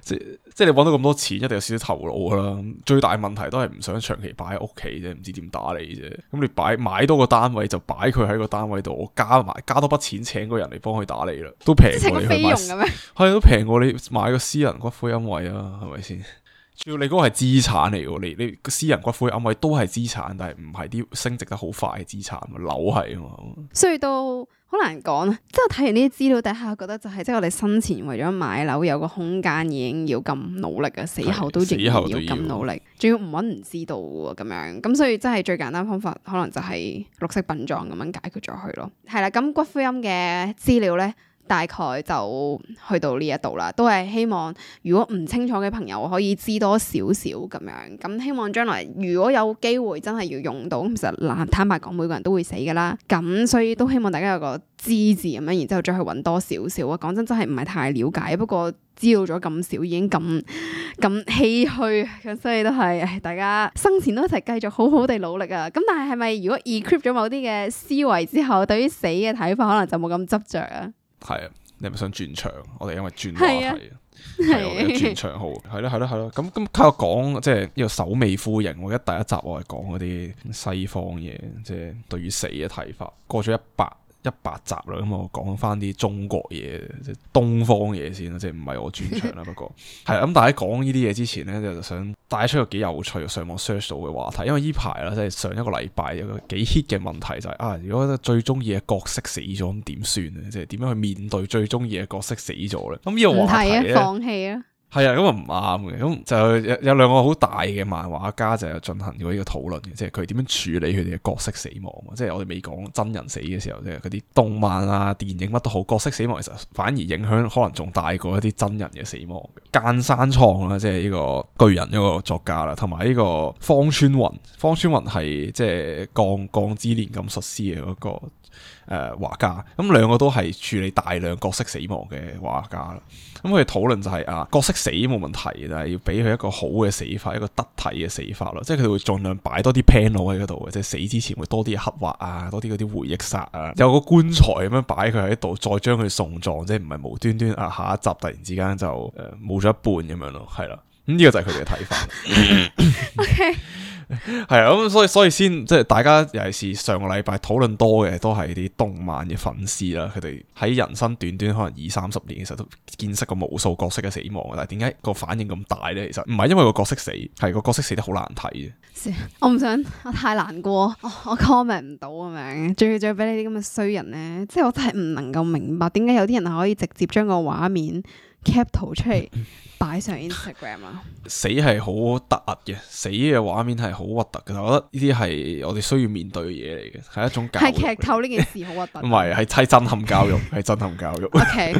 即即係你揾到咁多錢，一定有少少頭腦㗎啦。最大問題都係唔想長期擺喺屋企啫，唔知點打理啫。咁你擺買多個單位就擺佢喺個單位度，我加埋加多筆錢請個人嚟幫佢打理啦，都平過你去買用咩？係都平過你買個私人骨灰龕位啊？係咪先？ 主要你嗰個係資產嚟噶，你你，你私人骨灰龕位都係資產，但係唔係啲升值得好快嘅資產，樓係啊嘛。所以都。好難講啊！即係睇完呢啲資料第一下，覺得就係即係我哋生前為咗買樓有個空間，已經要咁努力啊！死後都仍然要咁努力，仲要唔揾唔知道喎咁樣。咁所以真係最簡單方法，可能就係綠色殯葬咁樣解決咗佢咯。係啦，咁骨灰龕嘅資料咧。大概就去到呢一度啦，都係希望如果唔清楚嘅朋友可以知多少少咁樣。咁希望將來如果有機會真係要用到，其實嗱坦白講，每個人都會死噶啦。咁所以都希望大家有個知字咁樣，然之後再去揾多少少。我講真真係唔係太了解，不過知道咗咁少已經咁咁唏噓。咁所以都係大家生前都一齊繼續好好地努力啊。咁但係係咪如果 equip 咗某啲嘅思維之後，對於死嘅睇法可能就冇咁執着啊？係啊，你係咪想轉場？我哋因為轉話題啊，係我哋嘅轉場好，係咯係咯係咯，咁咁靠講，即係呢個首尾呼應。我而家第一集我係講嗰啲西方嘢，即係對於死嘅睇法，過咗一百。一百集啦，咁我講翻啲中國嘢，即係東方嘢先啦，即係唔係我專長啦。不過係咁， 但係喺講呢啲嘢之前呢，就想帶出個幾有趣上網 search 到嘅話題，因為呢排啦，即係上一個禮拜有個幾 hit 嘅問題就係啊，如果最中意嘅角色死咗咁點算咧？即係點樣去面對最中意嘅角色死咗呢？咁呢個話題咧。係啊，咁啊唔啱嘅，咁就有有兩個好大嘅漫畫家就進行咗呢個討論嘅，即係佢點樣處理佢哋嘅角色死亡。即係我哋未講真人死嘅時候，即係嗰啲動漫啊、電影乜都好，角色死亡其實反而影響可能仲大過一啲真人嘅死亡。間山創啦，即係呢個巨人一個作家啦，同埋呢個方川雲。方川雲係即係《鋼鋼之鍊金術師》嘅嗰個。誒，畫、呃、家咁兩、嗯、個都係處理大量角色死亡嘅畫家啦。咁佢哋討論就係、是、啊，角色死冇問題，但係要俾佢一個好嘅死法，一個得體嘅死法咯。即係佢哋會盡量擺多啲 panel 喺嗰度，即係死之前會多啲刻畫啊，多啲嗰啲回憶殺啊，有個棺材咁樣擺佢喺度，再將佢送葬，即係唔係無端端啊下一集突然之間就誒冇咗一半咁樣咯，係啦。咁、嗯、呢、這個就係佢哋嘅睇法。 係啊，咁 所以所以先即係大家尤其是上個禮拜討論多嘅，都係啲動漫嘅粉絲啦。佢哋喺人生短短可能二三十年嘅時候，都見識過無數角色嘅死亡，但係點解個反應咁大呢？其實唔係因為個角色死，係個角色死得好難睇！我唔想我太難過，我 comment 唔到咁樣，仲要仲要俾你啲咁嘅衰人呢，即係我真係唔能夠明白點解有啲人係可以直接將個畫面。Cap 圖出嚟擺上 Instagram 啊！死係好突兀嘅，死嘅畫面係好核突嘅。我覺得呢啲係我哋需要面對嘅嘢嚟嘅，係一種教育。係劇透呢件事好核突。唔係， 係齋震撼教育，係震撼教育。 OK，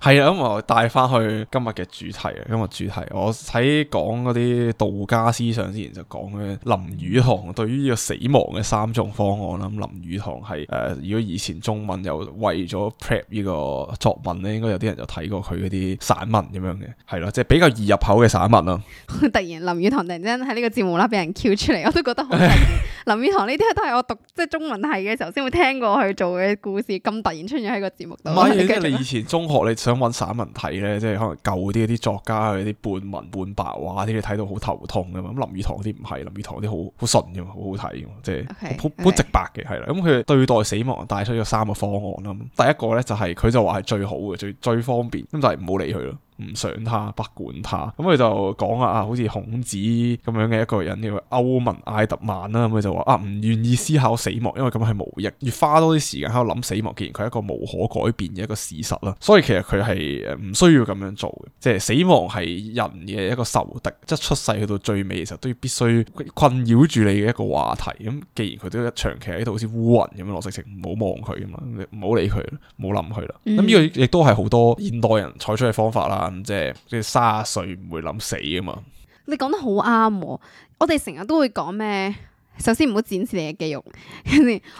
係啊， 咁、嗯、我帶翻去今日嘅主題啊。今日主題我喺講嗰啲道家思想之前，就講嘅林語堂對於呢個死亡嘅三種方案啦。咁林語堂係誒，如果以前中文有為咗 prep 呢個作文咧，應該有啲人就睇過佢嗰啲。.散文咁樣嘅，係咯，即係比較易入口嘅散文咯。 突然林語堂突然間喺呢個節目啦，俾人 Q 出嚟，我都覺得好 林語堂呢啲都係我讀，即係中文系嘅時候先會聽過去做嘅故事，咁突然出現喺個節目度。唔係是，即係你以前中學你想揾散文睇咧，即係可能舊啲啲作家嗰啲半文半白話啲，你睇到好頭痛噶嘛。咁林語堂啲唔係，林語堂啲好好順噶嘛，好好睇噶嘛，即係好好直白嘅，係啦 Okay, okay.。咁佢對待死亡帶出咗三個方案啦。第一個咧，就係佢就話係最好嘅，最最方便，咁就係唔好理佢咯。唔想他，不管他，咁、嗯、佢就講啊，啊，好似孔子咁樣嘅一個人，叫歐文艾特曼啦，咁佢就話啊，唔願、啊啊、意思考死亡，因為咁係無益，要花多啲時間喺度諗死亡，既然佢係一個無可改變嘅一個事實啦、啊，所以其實佢係唔需要咁樣做嘅，即係死亡係人嘅一個仇敵，即係出世去到最尾，其實都要必須困擾住你嘅一個話題。咁、嗯、既然佢都一長期喺度好似烏雲咁樣落食情，唔好望佢噶嘛，唔好理佢，唔好諗佢啦。咁呢個亦都係好多現代人採取嘅方法啦。咁啫，即係卅歲唔會諗死啊嘛。你講得好啱，我哋成日都會講咩，首先唔好展示你嘅肌肉。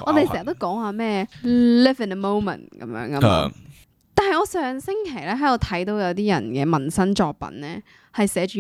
我哋成日都講話咩，live in a moment 咁樣噶嘛。Uh, 但係我上星期咧喺度睇到有啲人嘅紋身作品咧，係寫住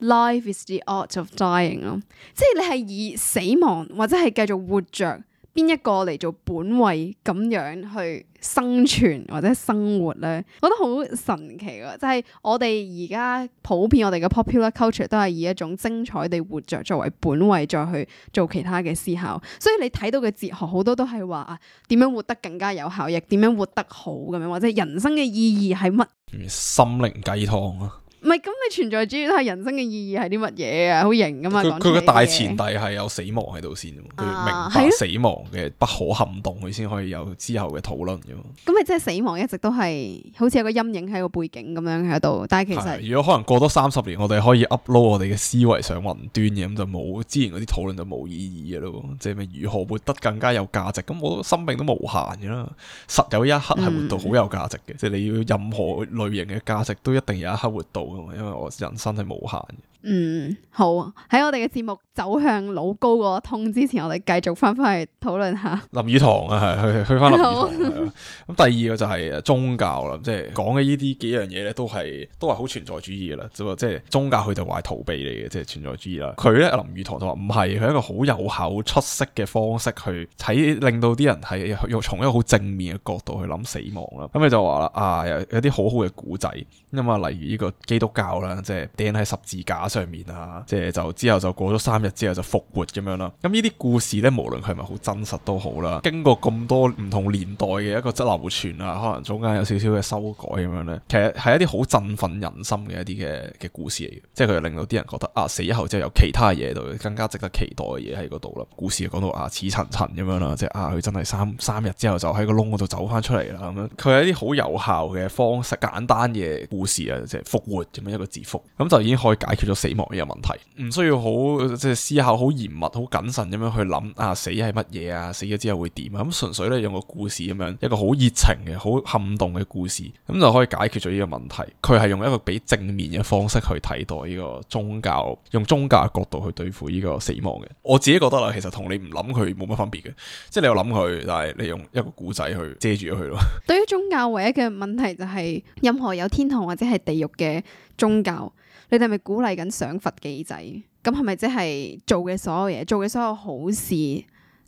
life is the art of dying 咯，即係你係以死亡或者係繼續活着。邊一個嚟做本位咁樣去生存或者生活咧？我覺得好神奇咯，就係我哋而家普遍我哋嘅 popular culture 都係以一種精彩地活着作為本位，再去做其他嘅思考。所以你睇到嘅哲學好多都係話啊，點樣活得更加有效益？點樣活得好咁樣？或者人生嘅意義係乜？心靈雞湯啊！唔係，咁你存在主要都係人生嘅意義係啲乜嘢啊？好型噶嘛？佢佢個大前提係有死亡喺度先，佢、啊、明白死亡嘅不可撼動，佢先、啊、可以有之後嘅討論噶嘛。咁咪即係死亡一直都係好似有個陰影喺個背景咁樣喺度，但係其實、啊、如果可能過多三十年，我哋可以 upload 我哋嘅思維上雲端嘅，咁就冇之前嗰啲討論就冇意義嘅咯。即係咪如何活得更加有價值？咁我生命都無限噶啦，實有一刻係活到好有價值嘅，即係、嗯、你要任何類型嘅價值都一定有一刻活到。因為我人生係無限嘅。嗯，好喺我哋嘅節目走向老高個通之前，我哋繼續翻翻去討論下林語堂啊，係去去翻林語堂咁第二個就係宗教啦，即係講嘅呢啲幾樣嘢咧，都係都係好存在主義嘅啦。只不過，即係宗教佢就話係逃避你嘅，即係存在主義啦。佢咧林語堂就話唔係，佢一個好有效、出色嘅方式去睇，令到啲人係要從一個好正面嘅角度去諗死亡啦。咁佢就話啦，啊有啲好好嘅古仔，咁、嗯、啊，例如呢個基督教啦，即係掟喺十字架。上面啊，即係就，是、就之後就過咗三日之後就復活咁樣啦。咁呢啲故事咧，無論佢係咪好真實都好啦，經過咁多唔同年代嘅一個流傳啊，可能中間有少少嘅修改咁樣咧，其實係一啲好振奮人心嘅一啲嘅嘅故事嚟嘅。即係佢令到啲人覺得啊，死後之後有其他嘢度，更加值得期待嘅嘢喺嗰度啦。故事就講到啊，似層層咁樣啦，即係啊，佢真係三三日之後就喺個窿嗰度走翻出嚟啦。咁樣佢係一啲好有效嘅方式，簡單嘅故事啊，即係復活咁樣一個字復，咁、嗯、就已經可以解決咗。死亡嘅問題唔需要好即係思考好嚴密好謹慎咁樣去諗啊，死係乜嘢？啊死咗之後會點啊？咁純粹咧，用個故事咁樣一個好熱情嘅好撼動嘅故事，咁就可以解決咗呢個問題。佢係用一個比正面嘅方式去睇待呢個宗教，用宗教嘅角度去對付呢個死亡嘅。我自己覺得啦，其實同你唔諗佢冇乜分別嘅，即係你有諗佢，但係你用一個故仔去遮住咗佢咯。對於宗教唯一嘅問題就係、是、任何有天堂或者係地獄嘅宗教。你哋咪鼓勵緊想佛幾仔？咁係咪即係做嘅所有嘢，做嘅所有好事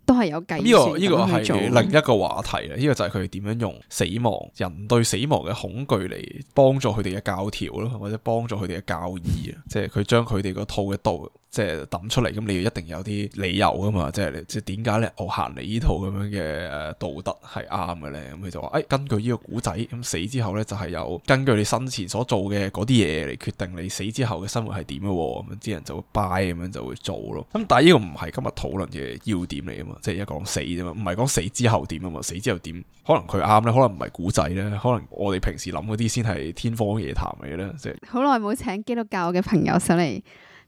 都係有計。呢個呢個係另一個話題啦。呢個就係佢哋點樣用死亡、人對死亡嘅恐懼嚟幫助佢哋嘅教條咯，或者幫助佢哋嘅教義啊。即係佢將佢哋嗰套嘅道。即係抌出嚟，咁你要一定要有啲理由噶嘛？即係你即係點解咧我行你呢套咁樣嘅誒道德係啱嘅咧？咁、嗯、佢就話誒、欸，根據呢個古仔，咁、嗯、死之後咧就係、是、有根據你生前所做嘅嗰啲嘢嚟決定你死之後嘅生活係點嘅。咁、嗯、啲人就會 buy 咁樣就會做咯。咁、嗯、但係呢個唔係今日討論嘅要點嚟啊嘛，即、就、係、是、一講死啫嘛，唔係講死之後點啊嘛，死之後點可能佢啱咧，可能唔係古仔咧，可能我哋平時諗嗰啲先係天方夜譚嚟嘅咧。即係好耐冇請基督教嘅朋友上嚟。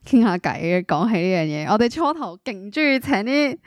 傾下偈嘅，講起呢樣嘢，我哋初頭勁中意請啲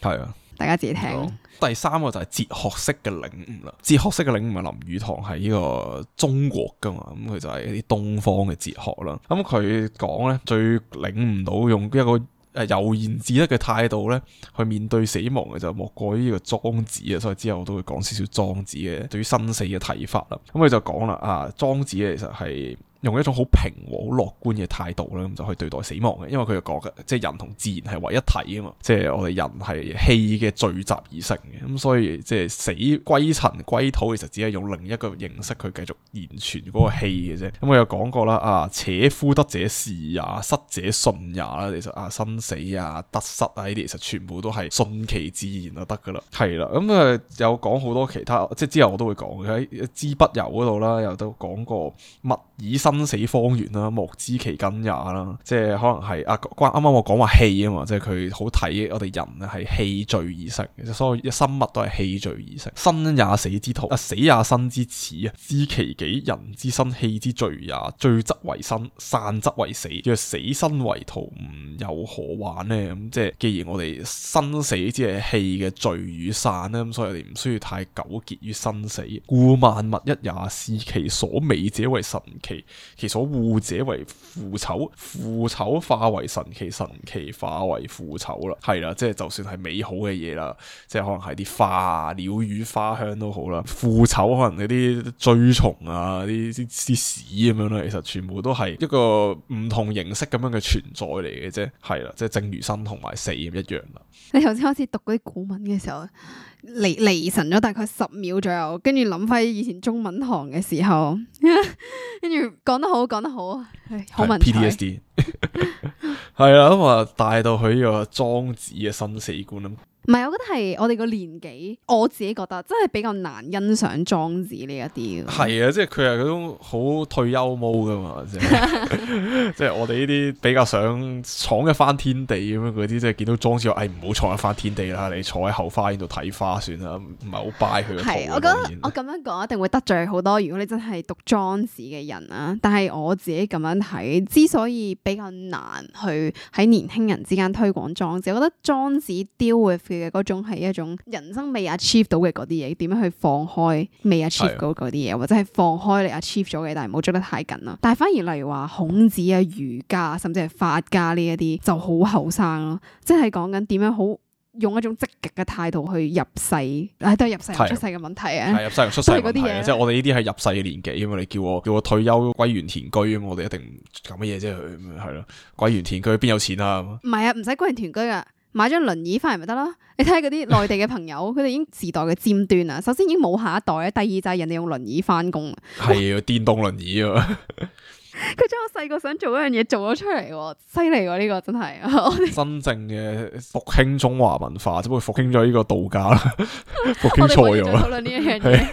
係啊，的大家自己聽。第三個就係哲學式嘅領悟啦。哲學式嘅領悟係林語堂係呢個中國噶嘛，咁佢就係一啲東方嘅哲學啦。咁佢講咧最領悟到用一個誒悠然自得嘅態度咧去面對死亡嘅就莫過於呢個莊子啊。所以之後我都會講少少莊子嘅對於生死嘅睇法啦。咁佢就講啦啊，莊子其實係用一種好平和、好樂觀嘅態度咧，咁就去對待死亡嘅。因為佢就講嘅，即係人同自然係為一體啊嘛。即係我哋人係氣嘅聚集而成嘅，咁、嗯、所以即係死歸塵、歸土，其實只係用另一個形式去繼續延傳嗰個氣嘅啫。咁我有講過啦，啊，且夫得者時也，失者信也啦。其實啊，生死啊、得失啊呢啲，其實全部都係順其自然就得噶啦。係啦，咁、嗯、啊、嗯、有講好多其他，即係之後我都會講嘅喺《知北遊》嗰度啦，又都講過物以失。生死方圓啦，莫知其根也啦，即係可能係阿關啱啱我講話氣啊嘛，即係佢好睇我哋人係氣聚而成，所以生物都係氣聚而成。生也死之徒，啊死也生之始啊，知其己，人之生，氣之聚也，聚則為生，散則為死。若死生為徒，唔又何患呢？咁即係既然我哋生死只係氣嘅聚與散啦，咁所以我哋唔需要太糾結於生死。故萬物一也，視其所美者為神奇。其實護者為腐朽，腐朽化為神奇，神奇化為腐朽啦，係啦，即係就算係美好嘅嘢啦，即係可能係啲花啊、鳥語花香都好啦，腐朽可能嗰啲蛆蟲啊、啲啲屎咁樣啦，其實全部都係一個唔同形式咁樣嘅存在嚟嘅啫，係啦，即係正如生同埋死唔一樣啦。你頭先開始讀嗰啲古文嘅時候。離離神咗大概十秒左右，跟住諗翻以前中文堂嘅時候，跟住講得好，講得好，唉好文 PTSD。 P. T. S. D. 係啦，咁啊帶到去呢個莊子嘅生死觀啊。唔係，我覺得係我哋個年紀，我自己覺得真係比較難欣賞莊子呢一啲。係啊，即係佢係嗰種好退休毛㗎嘛， 即係我哋呢啲比較想闖一番天地咁樣嗰啲，即係見到莊子話，誒唔好闖一番天地啦，你坐喺後花園度睇花算啦，唔係好 buy 佢。係，我覺得果然 我咁樣講一定會得罪好多。如果你真係讀莊子嘅人啊，但係我自己咁樣睇，之所以比較難去喺年輕人之間推廣莊子，我覺得莊子 deal with 嘅嗰種係一種人生未 achieve 到嘅嗰啲嘢，點樣去放開未 achieve 到嗰啲嘢，是的 或者係放開嚟 achieve 咗嘅，但係唔好捉得太緊啦。但係反而例如話孔子啊、儒家，甚至係法家呢一啲，就好後生咯，即係講緊點樣好用一種積極嘅態度去入世，哎、都係入世出世嘅問題啊的。入世出世啲啊，的即係我哋呢啲係入世嘅年紀因為，你叫我叫我退休歸園田居咁，我哋一定搞乜嘢啫？係咯，歸園田居邊有錢啊？唔係啊，唔使歸園田居噶。買張輪椅翻嚟咪得咯！你睇下嗰啲內地嘅朋友，佢哋 已經時代嘅尖端啦。首先已經冇下一代，第二就係人哋用輪椅翻工。係啊， 電動輪椅啊！ 佢將我細個想做一樣嘢做咗出嚟喎。哦，犀利喎，呢個真係。真 正嘅復興中華文化，只不過復興咗呢個道家，復興錯咗啦。 我哋討論呢一樣嘢，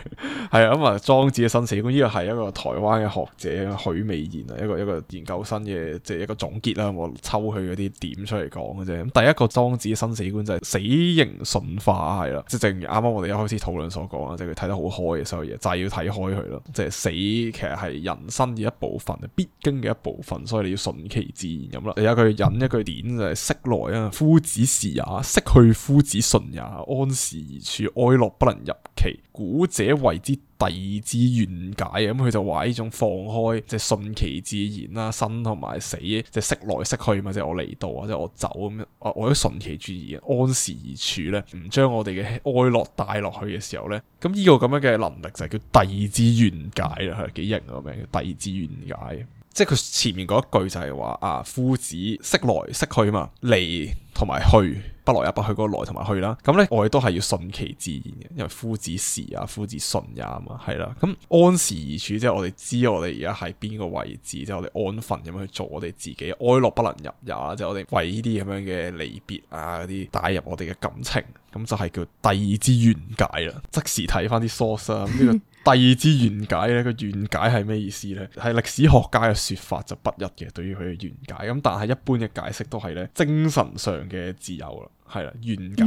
係啊咁啊，莊、嗯、子嘅生死觀，呢個係一個台灣嘅學者許美賢啊，一個一個研究生嘅即係一個總結啦，我抽佢嗰啲點出嚟講嘅啫。咁第一個莊子嘅生死觀就係死刑順化係啦，即、就是、正如啱啱我哋一開始討論所講啦，即係佢睇得好開嘅所有嘢，就係、是、要睇開佢咯，即、就、係、是、死其實係人生嘅一部分。必經嘅一部分，所以你要順其自然咁啦。有一句引一句典就係：適來啊，夫子時也；適去，夫子順也。安時而處，哀樂不能入其。古者為之帝之縣解啊，咁佢就話呢種放開，即係順其自然啦，生同埋死，即係息來息去，或者我嚟到啊，即係我走咁樣，啊我喺順其自然，安時而處咧，唔將我哋嘅哀樂帶落去嘅時候咧，咁呢個咁樣嘅能力就叫帝之縣解啦，係幾型個名，帝之縣解。即係佢前面嗰一句就係話啊，夫子識來識去嘛，嚟、同埋去不來也不去嗰個來同埋去啦。咁呢，我哋都係要順其自然嘅，因為夫子時啊，夫子順也啊嘛，係啦。咁安時而處，即係我哋知我哋而家喺邊個位置，即係我哋安分咁樣去做我哋自己，哀樂不能入也，即係我哋為呢啲咁樣嘅離別啊嗰啲帶入我哋嘅感情，咁就係叫帝之縣解啦。即時睇翻啲 source 啊、這，呢個。 第二支原解咧，個原解係咩意思咧？係歷史學家嘅説法就不一嘅，對於佢嘅原解咁，但係一般嘅解釋都係咧精神上嘅自由啦。係啦，懸解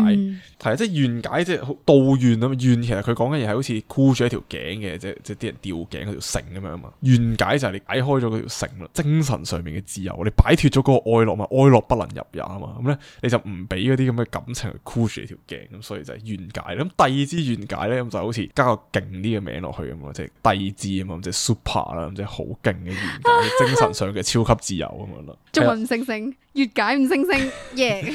係啊，即係懸解即係倒懸啊嘛，懸其實佢講緊嘢係好似箍住一條頸嘅，即係即係啲人吊頸嗰條繩咁樣啊嘛。懸解就係、就是、你解開咗嗰條繩啦，精神上面嘅自由，你擺脫咗嗰個哀樂咪哀樂不能入也啊嘛。咁咧你就唔俾嗰啲咁嘅感情去箍住條頸，咁所以就係懸解。咁帝之懸解咧咁就好似加個勁啲嘅名落去啊嘛，即係帝之啊嘛，即係 super 啦，即係好勁嘅懸解，啊、精神上嘅超級自由咁咯。仲問星星，越解唔星星贏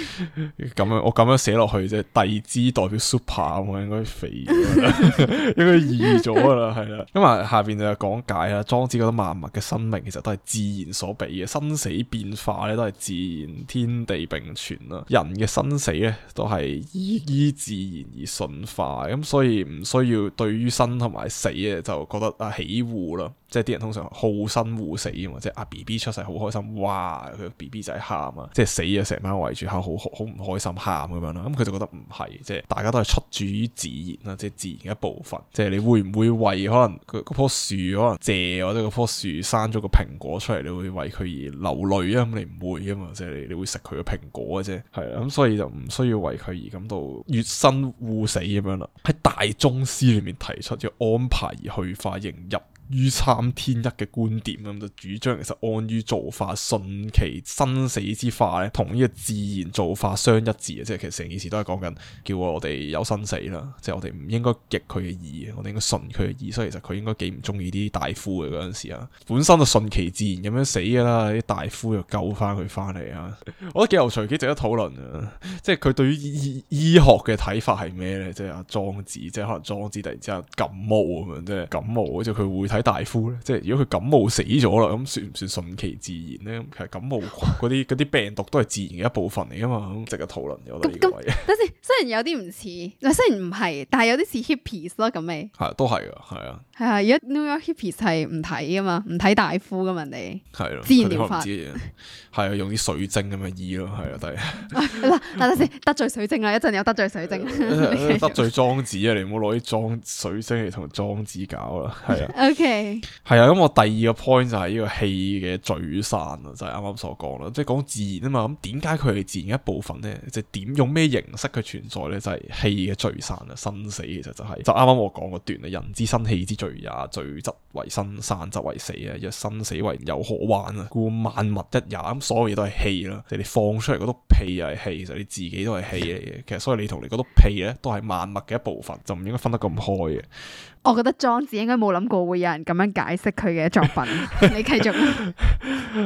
咁我咁樣寫落去啫，第二支代表 super 咁啊， 應該肥，應該易咗啦，係啦。咁啊，下邊就講解啊，莊子覺得萬物嘅生命其實都係自然所俾嘅，生死變化咧都係自然天地並存啦，人嘅生死咧都係依依自然而順化，咁所以唔需要對於生同埋死啊就覺得啊起惡啦。即係啲人通常好生惡死啊嘛，即係阿 B B 出世好開心，哇佢 B B 仔喊啊，即係死啊成晚圍住喊，好好唔開心喊咁樣啦。咁、嗯、佢就覺得唔係，即係大家都係出自於自然啊，即係自然一部分。即係你會唔會為可能嗰棵樹可能借或者嗰棵樹生咗個蘋果出嚟，你會為佢而流淚啊？咁、嗯、你唔會啊嘛，即係你你會食佢個蘋果嘅啫，係啦。咁、嗯、所以就唔需要為佢而感到越生惡死咁樣啦。喺大宗師裏面提出要安排而去化融入。於參天一嘅觀點咁就主張，其實安於造化，順其生死之化咧，同呢個自然造化相一致啊！即係其實成件事都係講緊，叫我哋有生死啦，即係我哋唔應該逆佢嘅意，我哋應該順佢嘅意。所以其實佢應該幾唔中意啲大夫嘅嗰陣時啊，本身就順其自然咁樣死嘅啦，啲大夫又救翻佢翻嚟啊！ 我覺得幾有趣幾值得討論啊！即係佢對於醫醫學嘅睇法係咩呢？即係阿莊子，即係可能莊子突然之間感冒咁樣，即係感冒好似佢會睇。睇大夫咧，即係如果佢感冒死咗啦，咁算唔算順其自然咧？其實感冒嗰啲啲病毒都係自然嘅一部分嚟噶嘛，咁值得討論有啲咁咁，等陣 雖然有啲唔似，但雖然唔係，但係有啲似 hippies 咯，咁咪係都係噶，係啊係啊，如果 New York hippies 係唔睇噶嘛，唔睇大夫噶嘛，你係咯自然療法，係啊，用啲水晶咁咪醫咯，係啊，第嗱嗱陣得罪水晶啦，一陣有得罪水晶， 得罪莊子啊！你唔好攞啲莊水晶嚟同莊子搞啦，係啊。Okay. 係啊，咁我第二個 point 就係呢個氣嘅聚散啊，就係啱啱所講啦，即係講自然啊嘛。咁點解佢係自然一部分呢？即係點用咩形式去存在呢？就係氣嘅聚散啊，生死其實就係，就啱啱我講嗰段啊。人之生，氣之聚也；聚則為生，生，生，散則為死啊。若生死為有何患啊，故萬物一也。咁所有嘢都係氣啦，你放出嚟嗰督屁又係氣，其實你自己都係氣嚟嘅。其實所以你同你嗰督屁咧都係萬物嘅一部分，就唔應該分得咁開嘅。我覺得莊子應該冇諗過會有人咁樣解釋佢嘅作品。 你繼續。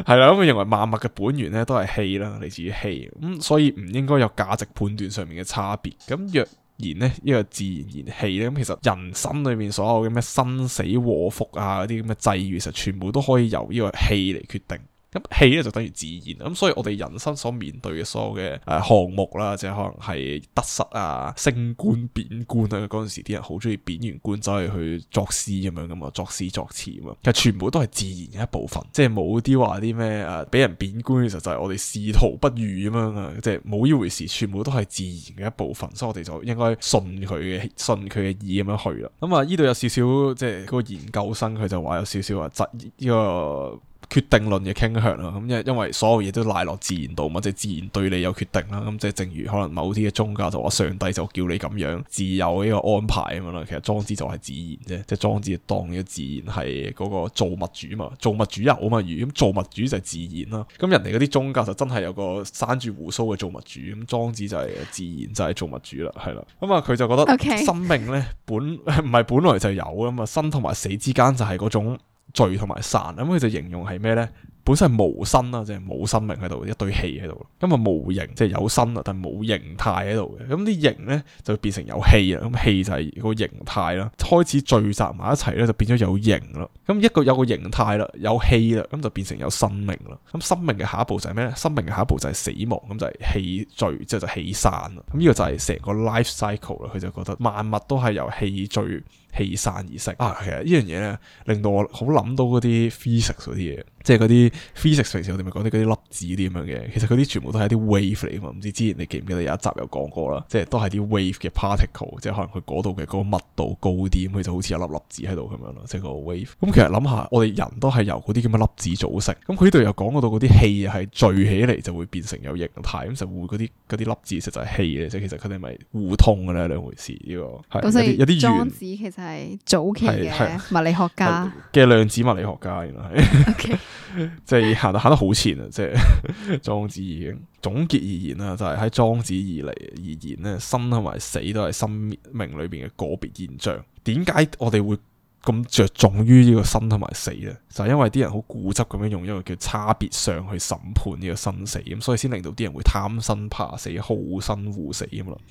係啦， 咁我認為萬物嘅本源咧都係氣啦，嚟自於氣，咁所以唔應該有價值判斷上面嘅差別。咁若然呢，呢個自然然氣咧，咁其實人心裏面所有嘅咩生死禍福啊，嗰啲咁嘅際遇，其實全部都可以由呢個氣嚟決定。咁氣咧就等於自然咁、嗯、所以我哋人生所面對嘅所有嘅誒、啊、項目啦，即係可能係得失啊、升官、貶官啊，嗰陣時啲人好中意貶完官走去去作詩咁樣噶嘛，作詩作詞啊，其實全部都係自然嘅一部分，即係冇啲話啲咩誒俾人貶官嘅時候，就係我哋仕途不遇咁樣啊，即係冇依回事，全部都係自然嘅一部分，所以我哋就應該順佢嘅順佢嘅意咁樣去啦。咁、嗯、啊，呢度有少少即係個研究生佢就話有少少話質疑、這個決定論嘅傾向咯，咁因因為所有嘢都賴落自然度嘛，即係自然對你有決定啦。咁即係正如可能某啲嘅宗教就話上帝就叫你咁樣，自有呢個安排咁樣咯。其實莊子就係自然啫，即係莊子就當咗自然係嗰個造物主嘛，造物主又啊嘛，如咁造物主就係自然啦。咁人哋嗰啲宗教就真係有個生住鬍鬚嘅造物主，咁莊子就係自然就係、是、造物主啦，係啦。咁啊佢就覺得生命咧本唔係本來就有啊嘛，生同埋死之間就係嗰種。聚同埋散，咁佢就形容係咩呢？本身係無身啦，即係冇生命喺度，一堆氣喺度，咁啊無形，即係有身啦，但係冇形態喺度嘅。咁啲形呢，就變成有氣啊，咁氣就係個形態啦，開始聚集埋一齊咧，就變咗有形咯。咁一個有一個形態啦，有氣啦，咁就變成有生命啦。咁生命嘅下一步就係咩呢？生命嘅下一步就係死亡，咁就係氣聚之後就氣散啦。咁呢個就係成個 life cycle 啦。佢就覺得萬物都係由氣聚，氣散而息啊！其實呢樣嘢咧，令到我好諗到嗰啲 physics 嗰啲嘢，即係嗰啲 physics 平時我哋咪講啲啲粒子啲咁樣嘅。其實佢啲全部都係一啲 wave 嚟嘛。唔知之前你記唔記得有一集有講過啦？即係都係啲 wave 嘅 particle，即係可能佢嗰度嘅嗰個密度高啲，咁佢就好似有粒粒子喺度咁樣咯，即係個 wave。咁、嗯嗯、其實諗下，我哋人都係由嗰啲咁嘅粒子組成。咁佢呢度又講到嗰啲氣係聚起嚟就會變成有形態，咁就會嗰啲啲粒子實在係氣嘅，即其實佢哋咪互通嘅咧兩回事呢、呢個。咁、就係嗯、有啲其實 係早期嘅物理學家嘅量子物理學家，原來係，即係行得行得好前啊！即係莊子而言，總結而言啦，就係喺莊子而嚟而言咧，生同埋死都係生命裏邊嘅個別現象。點解我哋會？咁着重於呢個生同埋死咧，就係因為啲人好固執咁樣用一個叫差別上去審判呢個生死，咁所以先令到啲人會貪生怕死、好生護死咁咯。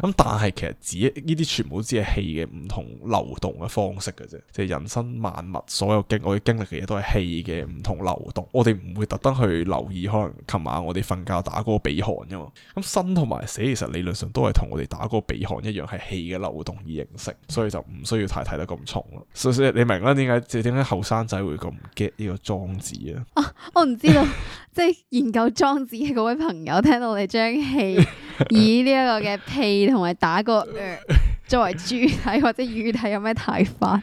咁但係其實只呢啲全部都只係氣嘅唔同流動嘅方式嘅啫，即係人生萬物所有經我哋經歷嘅嘢都係氣嘅唔同流動。我哋唔會特登去留意可能琴晚我哋瞓覺打嗰個鼻鼾啫嘛。咁生同埋死其實理論上都係同我哋打嗰個鼻鼾一樣係氣嘅流動而形成，所以就唔需要太睇得咁重咯。所以你明啦，點解即點解後生仔會咁 get 呢個莊子啊？哦，我唔知道， 即係研究莊子嘅嗰位朋友聽到我哋將氣以呢一個嘅屁同埋打個。 呃作為主體或者語體有咩睇法？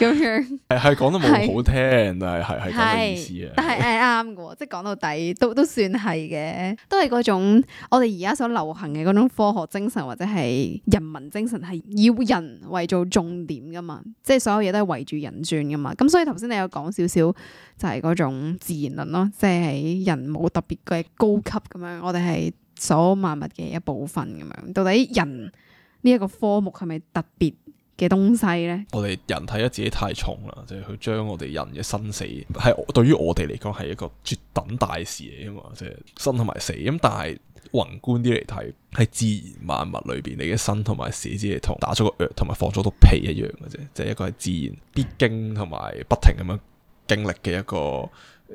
咁 樣係係講得冇好聽啊！係係係但係係啱嘅，即係講到底都都算係嘅，都係嗰種我哋而家所流行嘅嗰種科學精神或者係人文精神係要人為做重點嘅嘛，即係所有嘢都係圍住人轉嘅嘛。咁所以頭先你有講少少就係嗰種自然論咯，即係人冇特別嘅高級咁樣，我哋係所有萬物嘅一部分咁樣。到底人？呢一個科目係咪特別嘅東西呢？我哋人睇咗自己太重啦，就係、是、佢將我哋人嘅生死係對於我哋嚟講係一個絕等大事嚟噶嘛，即、就、係、是、生同埋死。咁但係宏觀啲嚟睇，喺自然萬物裏邊，你嘅生同埋死只係同打咗個藥同埋放咗套屁一樣嘅啫，即、就、係、是、一個係自然必經同埋不停咁樣經歷嘅一個。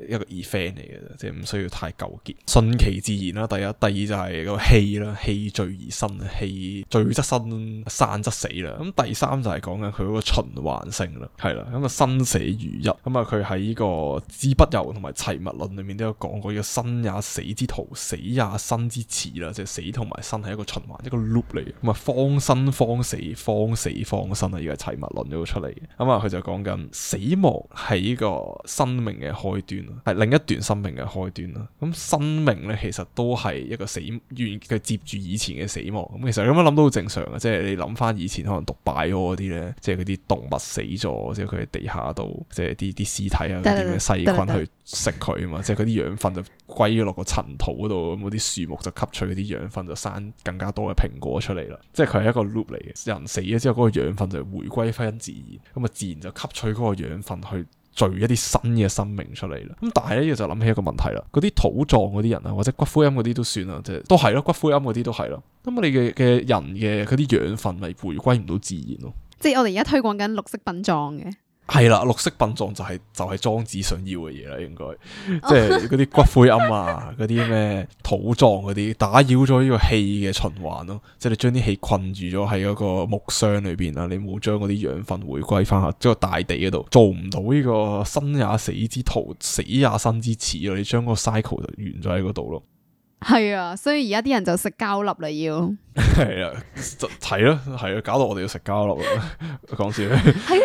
一個二 f r e n d 嚟嘅，即係唔需要太糾結，順其自然啦。第一、第二就係個氣啦，氣聚而生，氣聚則生，散則死啦。咁第三就係講緊佢嗰個循環性啦，係啦。咁啊，生死如一。咁啊，佢喺呢個《知北遊》同埋《齊物論》裏面都有講過，要生也死之徒，死也之、就是、死生之始啦，即係死同埋生係一個循環，一個 loop 嚟。咁啊，方生方死，方死方生啊，呢個係《齊物論》度出嚟。咁啊，佢就講緊死亡係呢個生命嘅開端。係另一段生命嘅開端啦。咁生命咧，其實都係一個死完結，佢接住以前嘅死亡。咁其實咁樣諗都好正常嘅，即係你諗翻以前可能毒拜嗰啲咧，即係嗰啲動物死咗，即係佢喺地下度，即係啲啲屍體啊，啲細菌去食佢啊嘛。即係佢啲養分就歸咗落個塵土嗰度，咁啲樹木就吸取嗰啲養分，就生更加多嘅蘋果出嚟啦。即係佢係一個 loop 嚟嘅。人死咗之後，嗰、嗰個養分就回歸翻自然，咁啊自然就吸取嗰個養分去。聚一啲新嘅生命出嚟啦，咁但係咧就諗起一個問題啦，嗰啲土葬嗰啲人啊，或者骨灰龕嗰啲都算啦，即係都係咯，骨灰龕嗰啲都係咯，咁我哋嘅嘅人嘅嗰啲養分咪回歸唔到自然咯，即係我哋而家推廣緊綠色殯葬嘅。係啦，綠色殯葬就係、是、就係、是、莊子想要嘅嘢啦，應該即係嗰啲骨灰龕啊，嗰啲咩土葬嗰啲，打擾咗呢個氣嘅循環咯、啊，即、就、係、是、你將啲氣困住咗喺嗰個木箱裏邊啦，你冇將嗰啲養分回歸翻下即個大地嗰度，做唔到呢個生也死之徒，死也生之始啊！你將個 cycle 就完咗喺嗰度咯。係啊，所以而家啲人就食膠粒啦，要係啊， 就係咯，係啊，搞到我哋要食膠粒啊！講笑，係啊。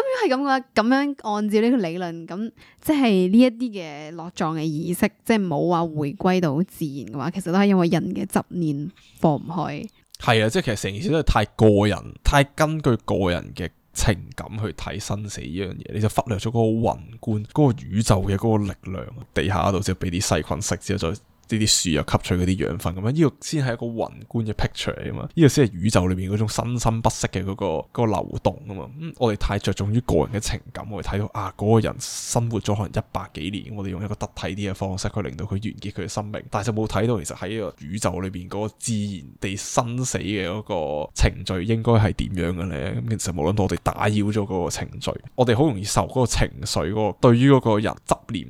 咁樣係咁嘅，咁樣按照呢個理論，咁即係呢一啲嘅落葬嘅意識，即係冇話回歸到自然嘅話，其實都係因為人嘅執念放唔開。係啊，即係其實成件事都係太個人，太根據個人嘅情感去睇生死呢樣嘢，你就忽略咗嗰個宏觀、嗰個宇宙嘅嗰個力量。地下度之後俾啲細菌食，之後再，呢啲樹又吸取嗰啲養分咁樣，呢個先係一個宏觀嘅 picture 啊嘛，呢個先係宇宙裏邊嗰種生生不息嘅嗰個嗰個流動啊嘛。嗯，我哋太着重於個人嘅情感，我哋睇到啊嗰個人生活咗可能一百幾年，我哋用一個得體啲嘅方式去令到佢完結佢嘅生命，但係就冇睇到其實喺呢個宇宙裏邊嗰個自然地生死嘅嗰個程序應該係點樣嘅咧？咁其實無論我哋打擾咗嗰個程序，我哋好容易受嗰個情緒嗰個對於嗰個人執念，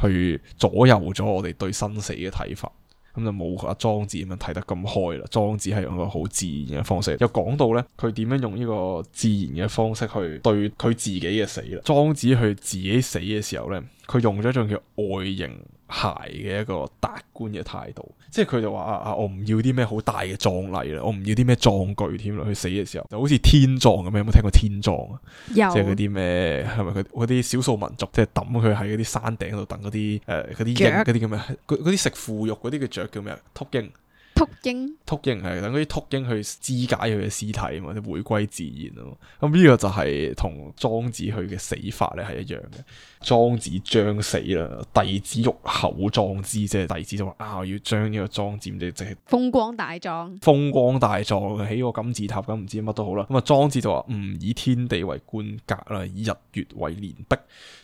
去左右咗我哋對生死嘅睇法，咁就冇阿莊子咁樣睇得咁開啦。莊子係用一個好自然嘅方式，又講到呢，佢點樣用呢個自然嘅方式去對佢自己嘅死啦。莊子佢自己死嘅時候呢，佢用咗一種叫外形。鞋嘅一個達觀嘅態度，即係佢就話啊啊，我唔要啲咩好大嘅葬禮啦，我唔要啲咩葬具添啦。佢死嘅時候就好似天葬咁樣，有冇聽過天葬啊？有即係嗰啲咩，係咪佢嗰啲少數民族，即係抌佢喺嗰啲山頂度等嗰啲誒，嗰啲鷹，嗰啲咁啊，嗰啲食腐肉嗰啲叫雀叫咩啊？禿鷹。禿鷹，禿鷹係等嗰啲禿鷹去肢解佢嘅屍體啊嘛，即回歸自然咯。咁呢個就係同莊子佢嘅死法咧係一樣嘅。莊子將死啦，弟子欲厚葬之，即係弟子就話啊，我要將呢個莊子即係即係風光大葬，風光大葬，起、哎、個金字塔咁，唔知乜都好啦。咁啊，莊子就話吾以天地為棺槨啦，以日月為連璧，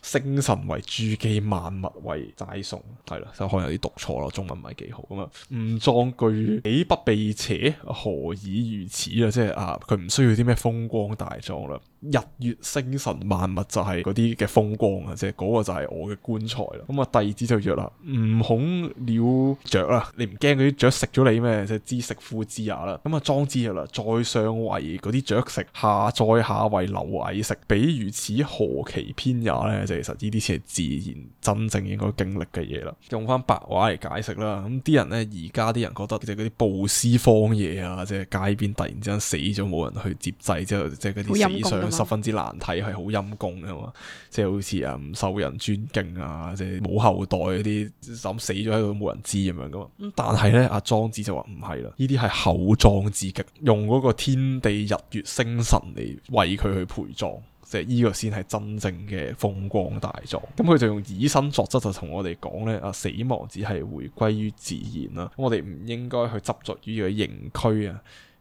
星辰為珠璣，萬物為齋送，係啦，就可能有啲讀錯咯，中文唔係幾好咁啊，唔裝具。豈不避邪，何以如此啊？即係啊，佢唔需要啲咩風光大葬啦。日月星辰萬物就係嗰啲嘅風光啊，即係嗰個就係我嘅棺材啦。咁啊弟子就曰啦：唔恐鳥雀啦，你唔驚嗰啲雀食咗你咩？即係知食夫子也啦。咁啊莊子曰啦，在上為嗰啲雀食，下在下為螻蟻食，比如此何其偏也呢？就其實呢啲先係自然真正應該經歷嘅嘢啦。用返白話嚟解釋啦，咁啲人呢，而家啲人覺得即係嗰啲暴屍荒野啊，即係街邊突然之間死咗冇人去接濟之後，即係嗰啲死相。十分之難睇，係好陰功噶嘛，即係好似啊唔受人尊敬啊，即係冇後代嗰啲，咁死咗喺度都冇人知咁樣噶嘛。但係呢，阿莊子就話唔係啦，呢啲係厚葬之極，用嗰個天地日月星辰嚟為佢去陪葬，即係呢個先係真正嘅風光大葬。咁佢就用以身作則，就同我哋講咧，啊死亡只係回歸於自然啦，我哋唔應該去執着於個形軀啊。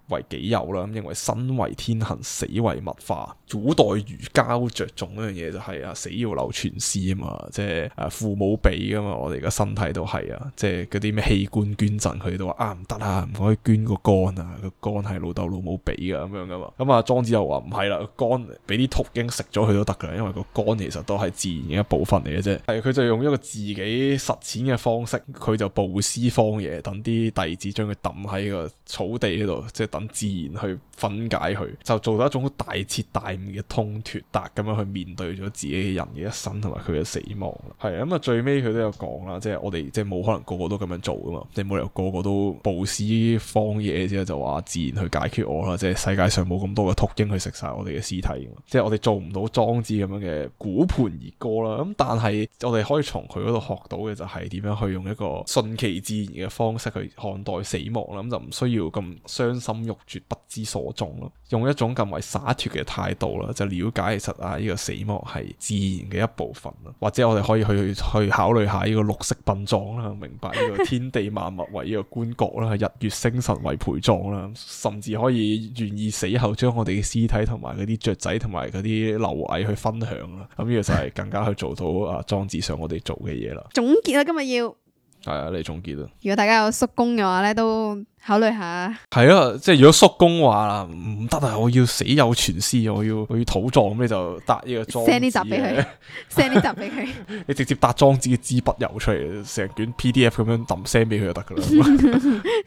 為己有啦，咁認為身為天行，死為物化。古代儒家着重一樣嘢就係啊，死要留全屍啊嘛，即係啊父母俾噶嘛，我哋嘅身體都係啊，即係嗰啲咩器官捐贈，佢都話啊唔得啊，唔可以捐個肝啊，個肝係老豆老母俾噶咁樣噶嘛。咁、嗯、啊莊子又話唔係啦，個肝俾啲禿鷹食咗佢都得噶，因為個肝其實都係自然嘅一部分嚟嘅啫。係，佢就用一個自己實踐嘅方式，佢就布施荒野，等啲弟子將佢抌喺個草地嗰度，即係等。自然去分解佢，就做到一種好大徹大悟嘅通脫達咁樣去面對咗自己嘅人嘅一生同埋佢嘅死亡。係咁啊，最尾佢都有講啦，即係我哋即係冇可能個個都咁樣做噶嘛，即係冇理由個個都暴屍荒野之後就話自然去解決我啦，即係世界上冇咁多嘅禿鷹去食晒我哋嘅屍體。即係我哋做唔到莊子咁樣嘅鼓盆而歌啦。咁、嗯、但係我哋可以從佢嗰度學到嘅就係點樣去用一個順其自然嘅方式去看待死亡啦。咁、嗯、就唔需要咁傷心。玉絕不知所蹤咯，用一種更為灑脫嘅態度啦，就了解其實啊呢個死亡係自然嘅一部分啦，或者我哋可以去去考慮下呢個綠色殯葬啦，明白呢個天地萬物為呢個棺槨啦，日月星辰為陪葬啦，甚至可以願意死後將我哋嘅屍體同埋嗰啲雀仔同埋嗰啲螻蟻去分享啦，咁呢個就係更加去做到啊莊子上我哋做嘅嘢啦。總結啊，今日要。係啊，你總結啊！如果大家有叔公嘅話咧，都考慮下。係啊，即係如果叔公話唔得啊，我要死有全屍，我要我要土葬，咁你就搭呢個莊。send 呢集俾佢，send 呢集俾佢。 你直接搭裝紙嘅支筆油出嚟，成卷 PDF 咁樣抌 send 俾佢就得噶啦。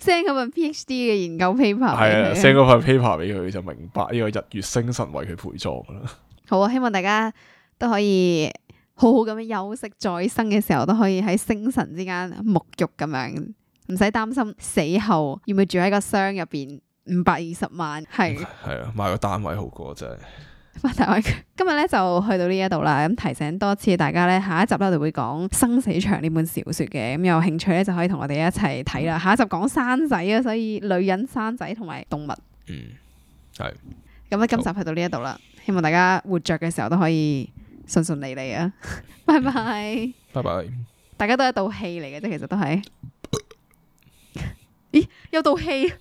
send 嗰 份 PhD 嘅研究 paper。係啊，send 嗰份 paper 俾佢 就明白呢個日月星辰為佢陪葬噶啦。好啊，希望大家都可以。好好咁樣休息，再生嘅時候都可以喺星辰之間沐浴咁樣，唔使擔心死後要唔要住喺個箱入邊，五百二十萬，係係啊，買個單位好過真係。 今日咧就去到呢一度啦，咁提醒多次大家咧，下一集咧就會講《生死場》呢本小說嘅，咁有興趣咧就可以同我哋一齊睇啦。下一集講生仔啊，所以女人生仔同埋動物，嗯係。咁咧今集去到呢一度啦，好希望大家活着嘅時候都可以。順順利利啊！拜拜，拜拜，大家都係一道戲嚟嘅啫，其實都係，咦，有道戲。